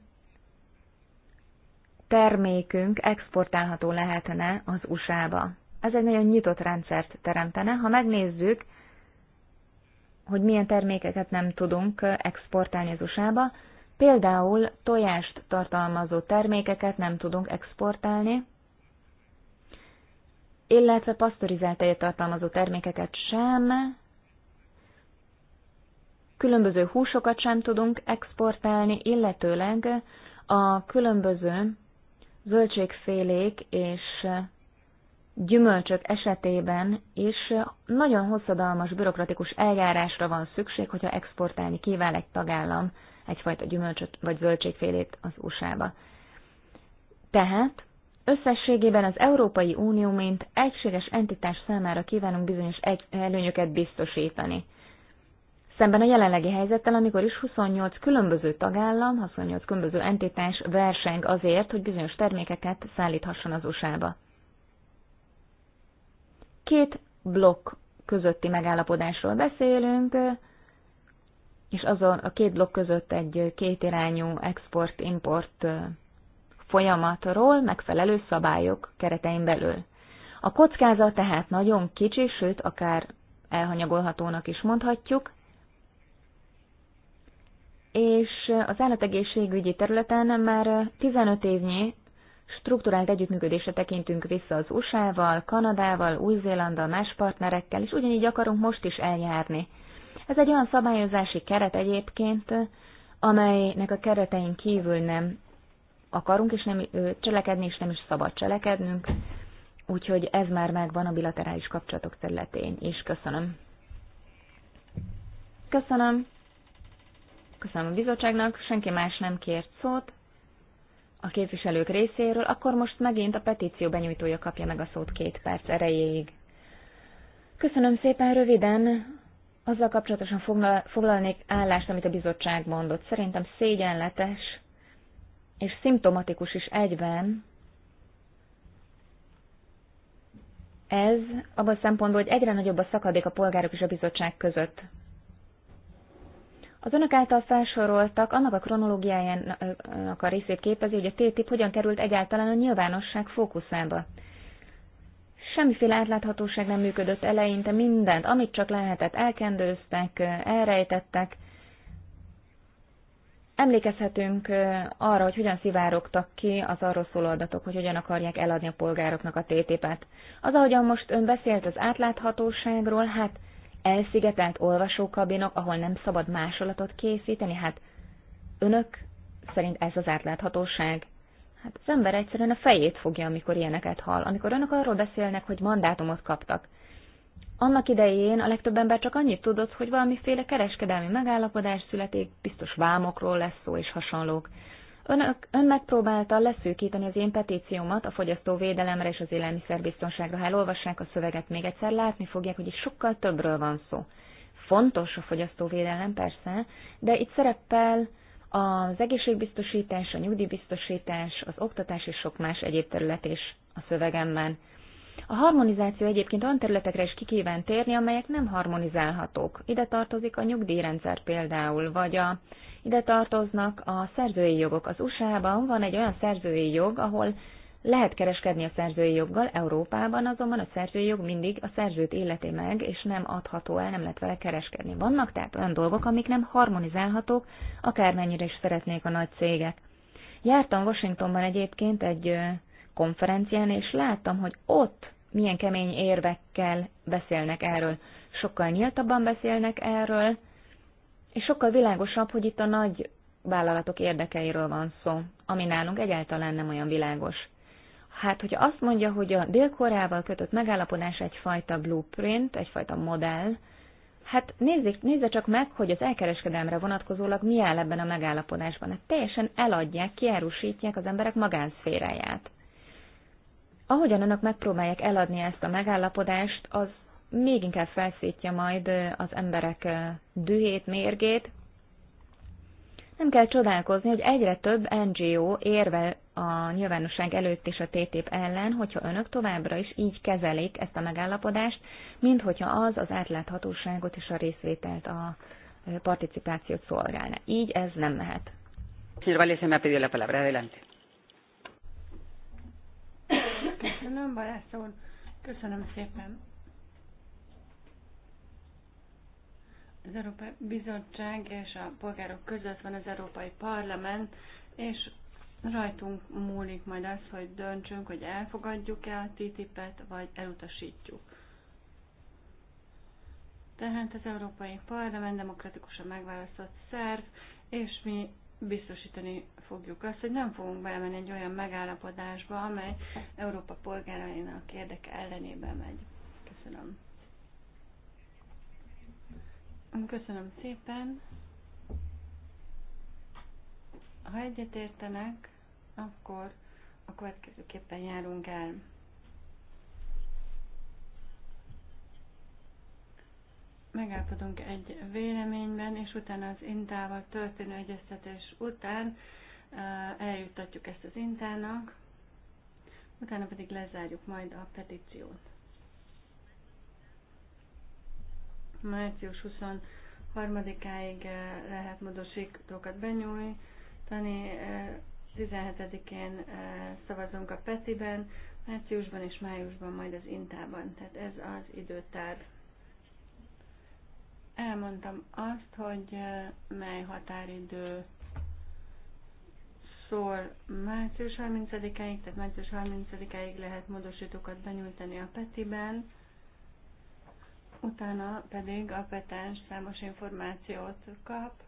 termékünk exportálható lehetne az USA-ba ez egy nagyon nyitott rendszert teremtene. Ha megnézzük, hogy milyen termékeket nem tudunk exportálni az USA-ba, például tojást tartalmazó termékeket nem tudunk exportálni, illetve pasztorizált tejet tartalmazó termékeket sem, különböző húsokat sem tudunk exportálni, illetőleg a különböző zöldségfélék és gyümölcsök esetében is nagyon hosszadalmas bürokratikus eljárásra van szükség, hogyha exportálni kíván egy tagállam egyfajta gyümölcsöt vagy zöldségfélét az USA-ba. Tehát összességében az Európai Unió mint egységes entitás számára kívánunk bizonyos egy előnyöket biztosítani. Szemben a jelenlegi helyzettel, amikor is 28 különböző tagállam, 28 különböző entitás verseng azért, hogy bizonyos termékeket szállíthasson az USA-ba. Két blokk közötti megállapodásról beszélünk, és azon a két blokk között egy kétirányú export-import folyamatról megfelelő szabályok keretein belül. A kockáza tehát nagyon kicsi, sőt, akár elhanyagolhatónak is mondhatjuk, és az állategészségügyi területen már 15 évnyi Strukturált együttműködésre tekintünk vissza az USA-val, Kanadával, Új-Zélanddal, más partnerekkel, és ugyanígy akarunk most is eljárni. Ez egy olyan szabályozási keret egyébként, amelynek a keretein kívül nem akarunk és nem cselekedni, és nem is szabad cselekednünk, úgyhogy ez már megvan a bilaterális kapcsolatok területén, és köszönöm. Köszönöm. Köszönöm a bizottságnak, senki más nem kért szót a képviselők részéről, akkor most megint a petíció benyújtója kapja meg a szót két perc erejéig. Köszönöm szépen röviden. Azzal kapcsolatosan foglalnék állást, amit a bizottság mondott. Szerintem szégyenletes és szimptomatikus is egyben, ez abban a szempontból, hogy egyre nagyobb a szakadék a polgárok és a bizottság között. Az önök által felsoroltak annak a kronológiájának a részét képezi, hogy a TTIP hogyan került egyáltalán a nyilvánosság fókuszába. Semmiféle átláthatóság nem működött eleinte, mindent, amit csak lehetett, elkendőztek, elrejtettek. Emlékezhetünk arra, hogy hogyan szivárogtak ki az arról szóló adatok, hogy hogyan akarják eladni a polgároknak a TTIP-et. Az, ahogyan most ön beszélt az átláthatóságról, hát elszigetelt olvasókabinok, ahol nem szabad másolatot készíteni, hát önök szerint ez az átláthatóság. Hát az ember egyszerűen a fejét fogja, amikor ilyeneket hall, amikor önök arról beszélnek, hogy mandátumot kaptak. Annak idején a legtöbb ember csak annyit tudott, hogy valamiféle kereskedelmi megállapodás születik, biztos vámokról lesz szó és hasonlók. Önök, ön megpróbálta leszűkíteni az én petíciómat a fogyasztóvédelemre és az élelmiszerbiztonságra. Ha hát elolvassák a szöveget még egyszer, látni fogják, hogy itt sokkal többről van szó. Fontos a fogyasztóvédelem, persze, de itt szerepel az egészségbiztosítás, a nyugdíjbiztosítás, az oktatás és sok más egyéb terület is a szövegemben. A harmonizáció egyébként olyan területekre is kikíván térni, amelyek nem harmonizálhatók. Ide tartozik a nyugdíjrendszer például, vagy a ide tartoznak a szerzői jogok. Az USA-ban van egy olyan szerzői jog, ahol lehet kereskedni a szerzői joggal, Európában azonban a szerzői jog mindig a szerzőt illeti meg, és nem adható el, nem lehet vele kereskedni. Vannak tehát olyan dolgok, amik nem harmonizálhatók, akármennyire is szeretnék a nagy cégek. Jártam Washingtonban egyébként egy konferencián, és láttam, hogy ott milyen kemény érvekkel beszélnek erről. Sokkal nyíltabban beszélnek erről, és sokkal világosabb, hogy itt a nagy vállalatok érdekeiről van szó, ami nálunk egyáltalán nem olyan világos. Hát, hogyha azt mondja, hogy a Dél-Koreával kötött megállapodás egyfajta blueprint, egyfajta modell, hát nézzék, nézze csak meg, hogy az elkereskedelmre vonatkozólag mi áll ebben a megállapodásban. Hát teljesen eladják, kiárusítják az emberek magánszféráját. Ahogyan önök megpróbálják eladni ezt a megállapodást, az még inkább felszítja majd az emberek dühét, mérgét. Nem kell csodálkozni, hogy egyre több NGO érvel a nyilvánosság előtt és a TTIP ellen, hogyha önök továbbra is így kezelik ezt a megállapodást, mint hogyha az az átláthatóságot és a részvételt, a participációt szolgálna. Így ez nem mehet. Köszönöm, Balász Köszönöm szépen. Az Európai Bizottság és a polgárok között van az Európai Parlament, és rajtunk múlik majd az, hogy döntsünk, hogy elfogadjuk-e a TTIP-et, vagy elutasítjuk. Tehát az Európai Parlament demokratikusan megválasztott szerv, és mi biztosítani fogjuk azt, hogy nem fogunk belemenni egy olyan megállapodásba, amely Európa polgárainak érdeke ellenében megy. Köszönöm. Köszönöm szépen. Ha egyetértenek, akkor a következőképpen járunk el. megállapodunk egy véleményben, és utána az intával történő egyeztetés után eljuttatjuk ezt az intának, utána pedig lezárjuk majd a petíciót. március 23-áig eh, lehet módosítókat Tani 17-én eh, eh, szavazunk a petiben, márciusban és májusban, majd az Intában. Tehát ez az időtár. Elmondtam azt, hogy mely határidő szól március 30 áig tehát március 30 áig lehet módosítókat benyújtani a petiben. ben Utána pedig a petens számos információt kap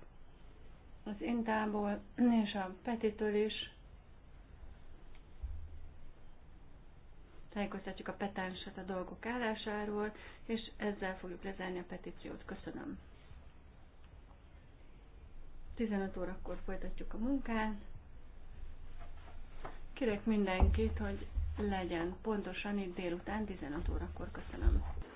az intából és a petitől is. Tájékoztatjuk a petenset a dolgok állásáról, és ezzel fogjuk lezárni a petíciót. Köszönöm. 15 órakor folytatjuk a munkát. Kérek mindenkit, hogy legyen pontosan itt délután 15 órakor. Köszönöm.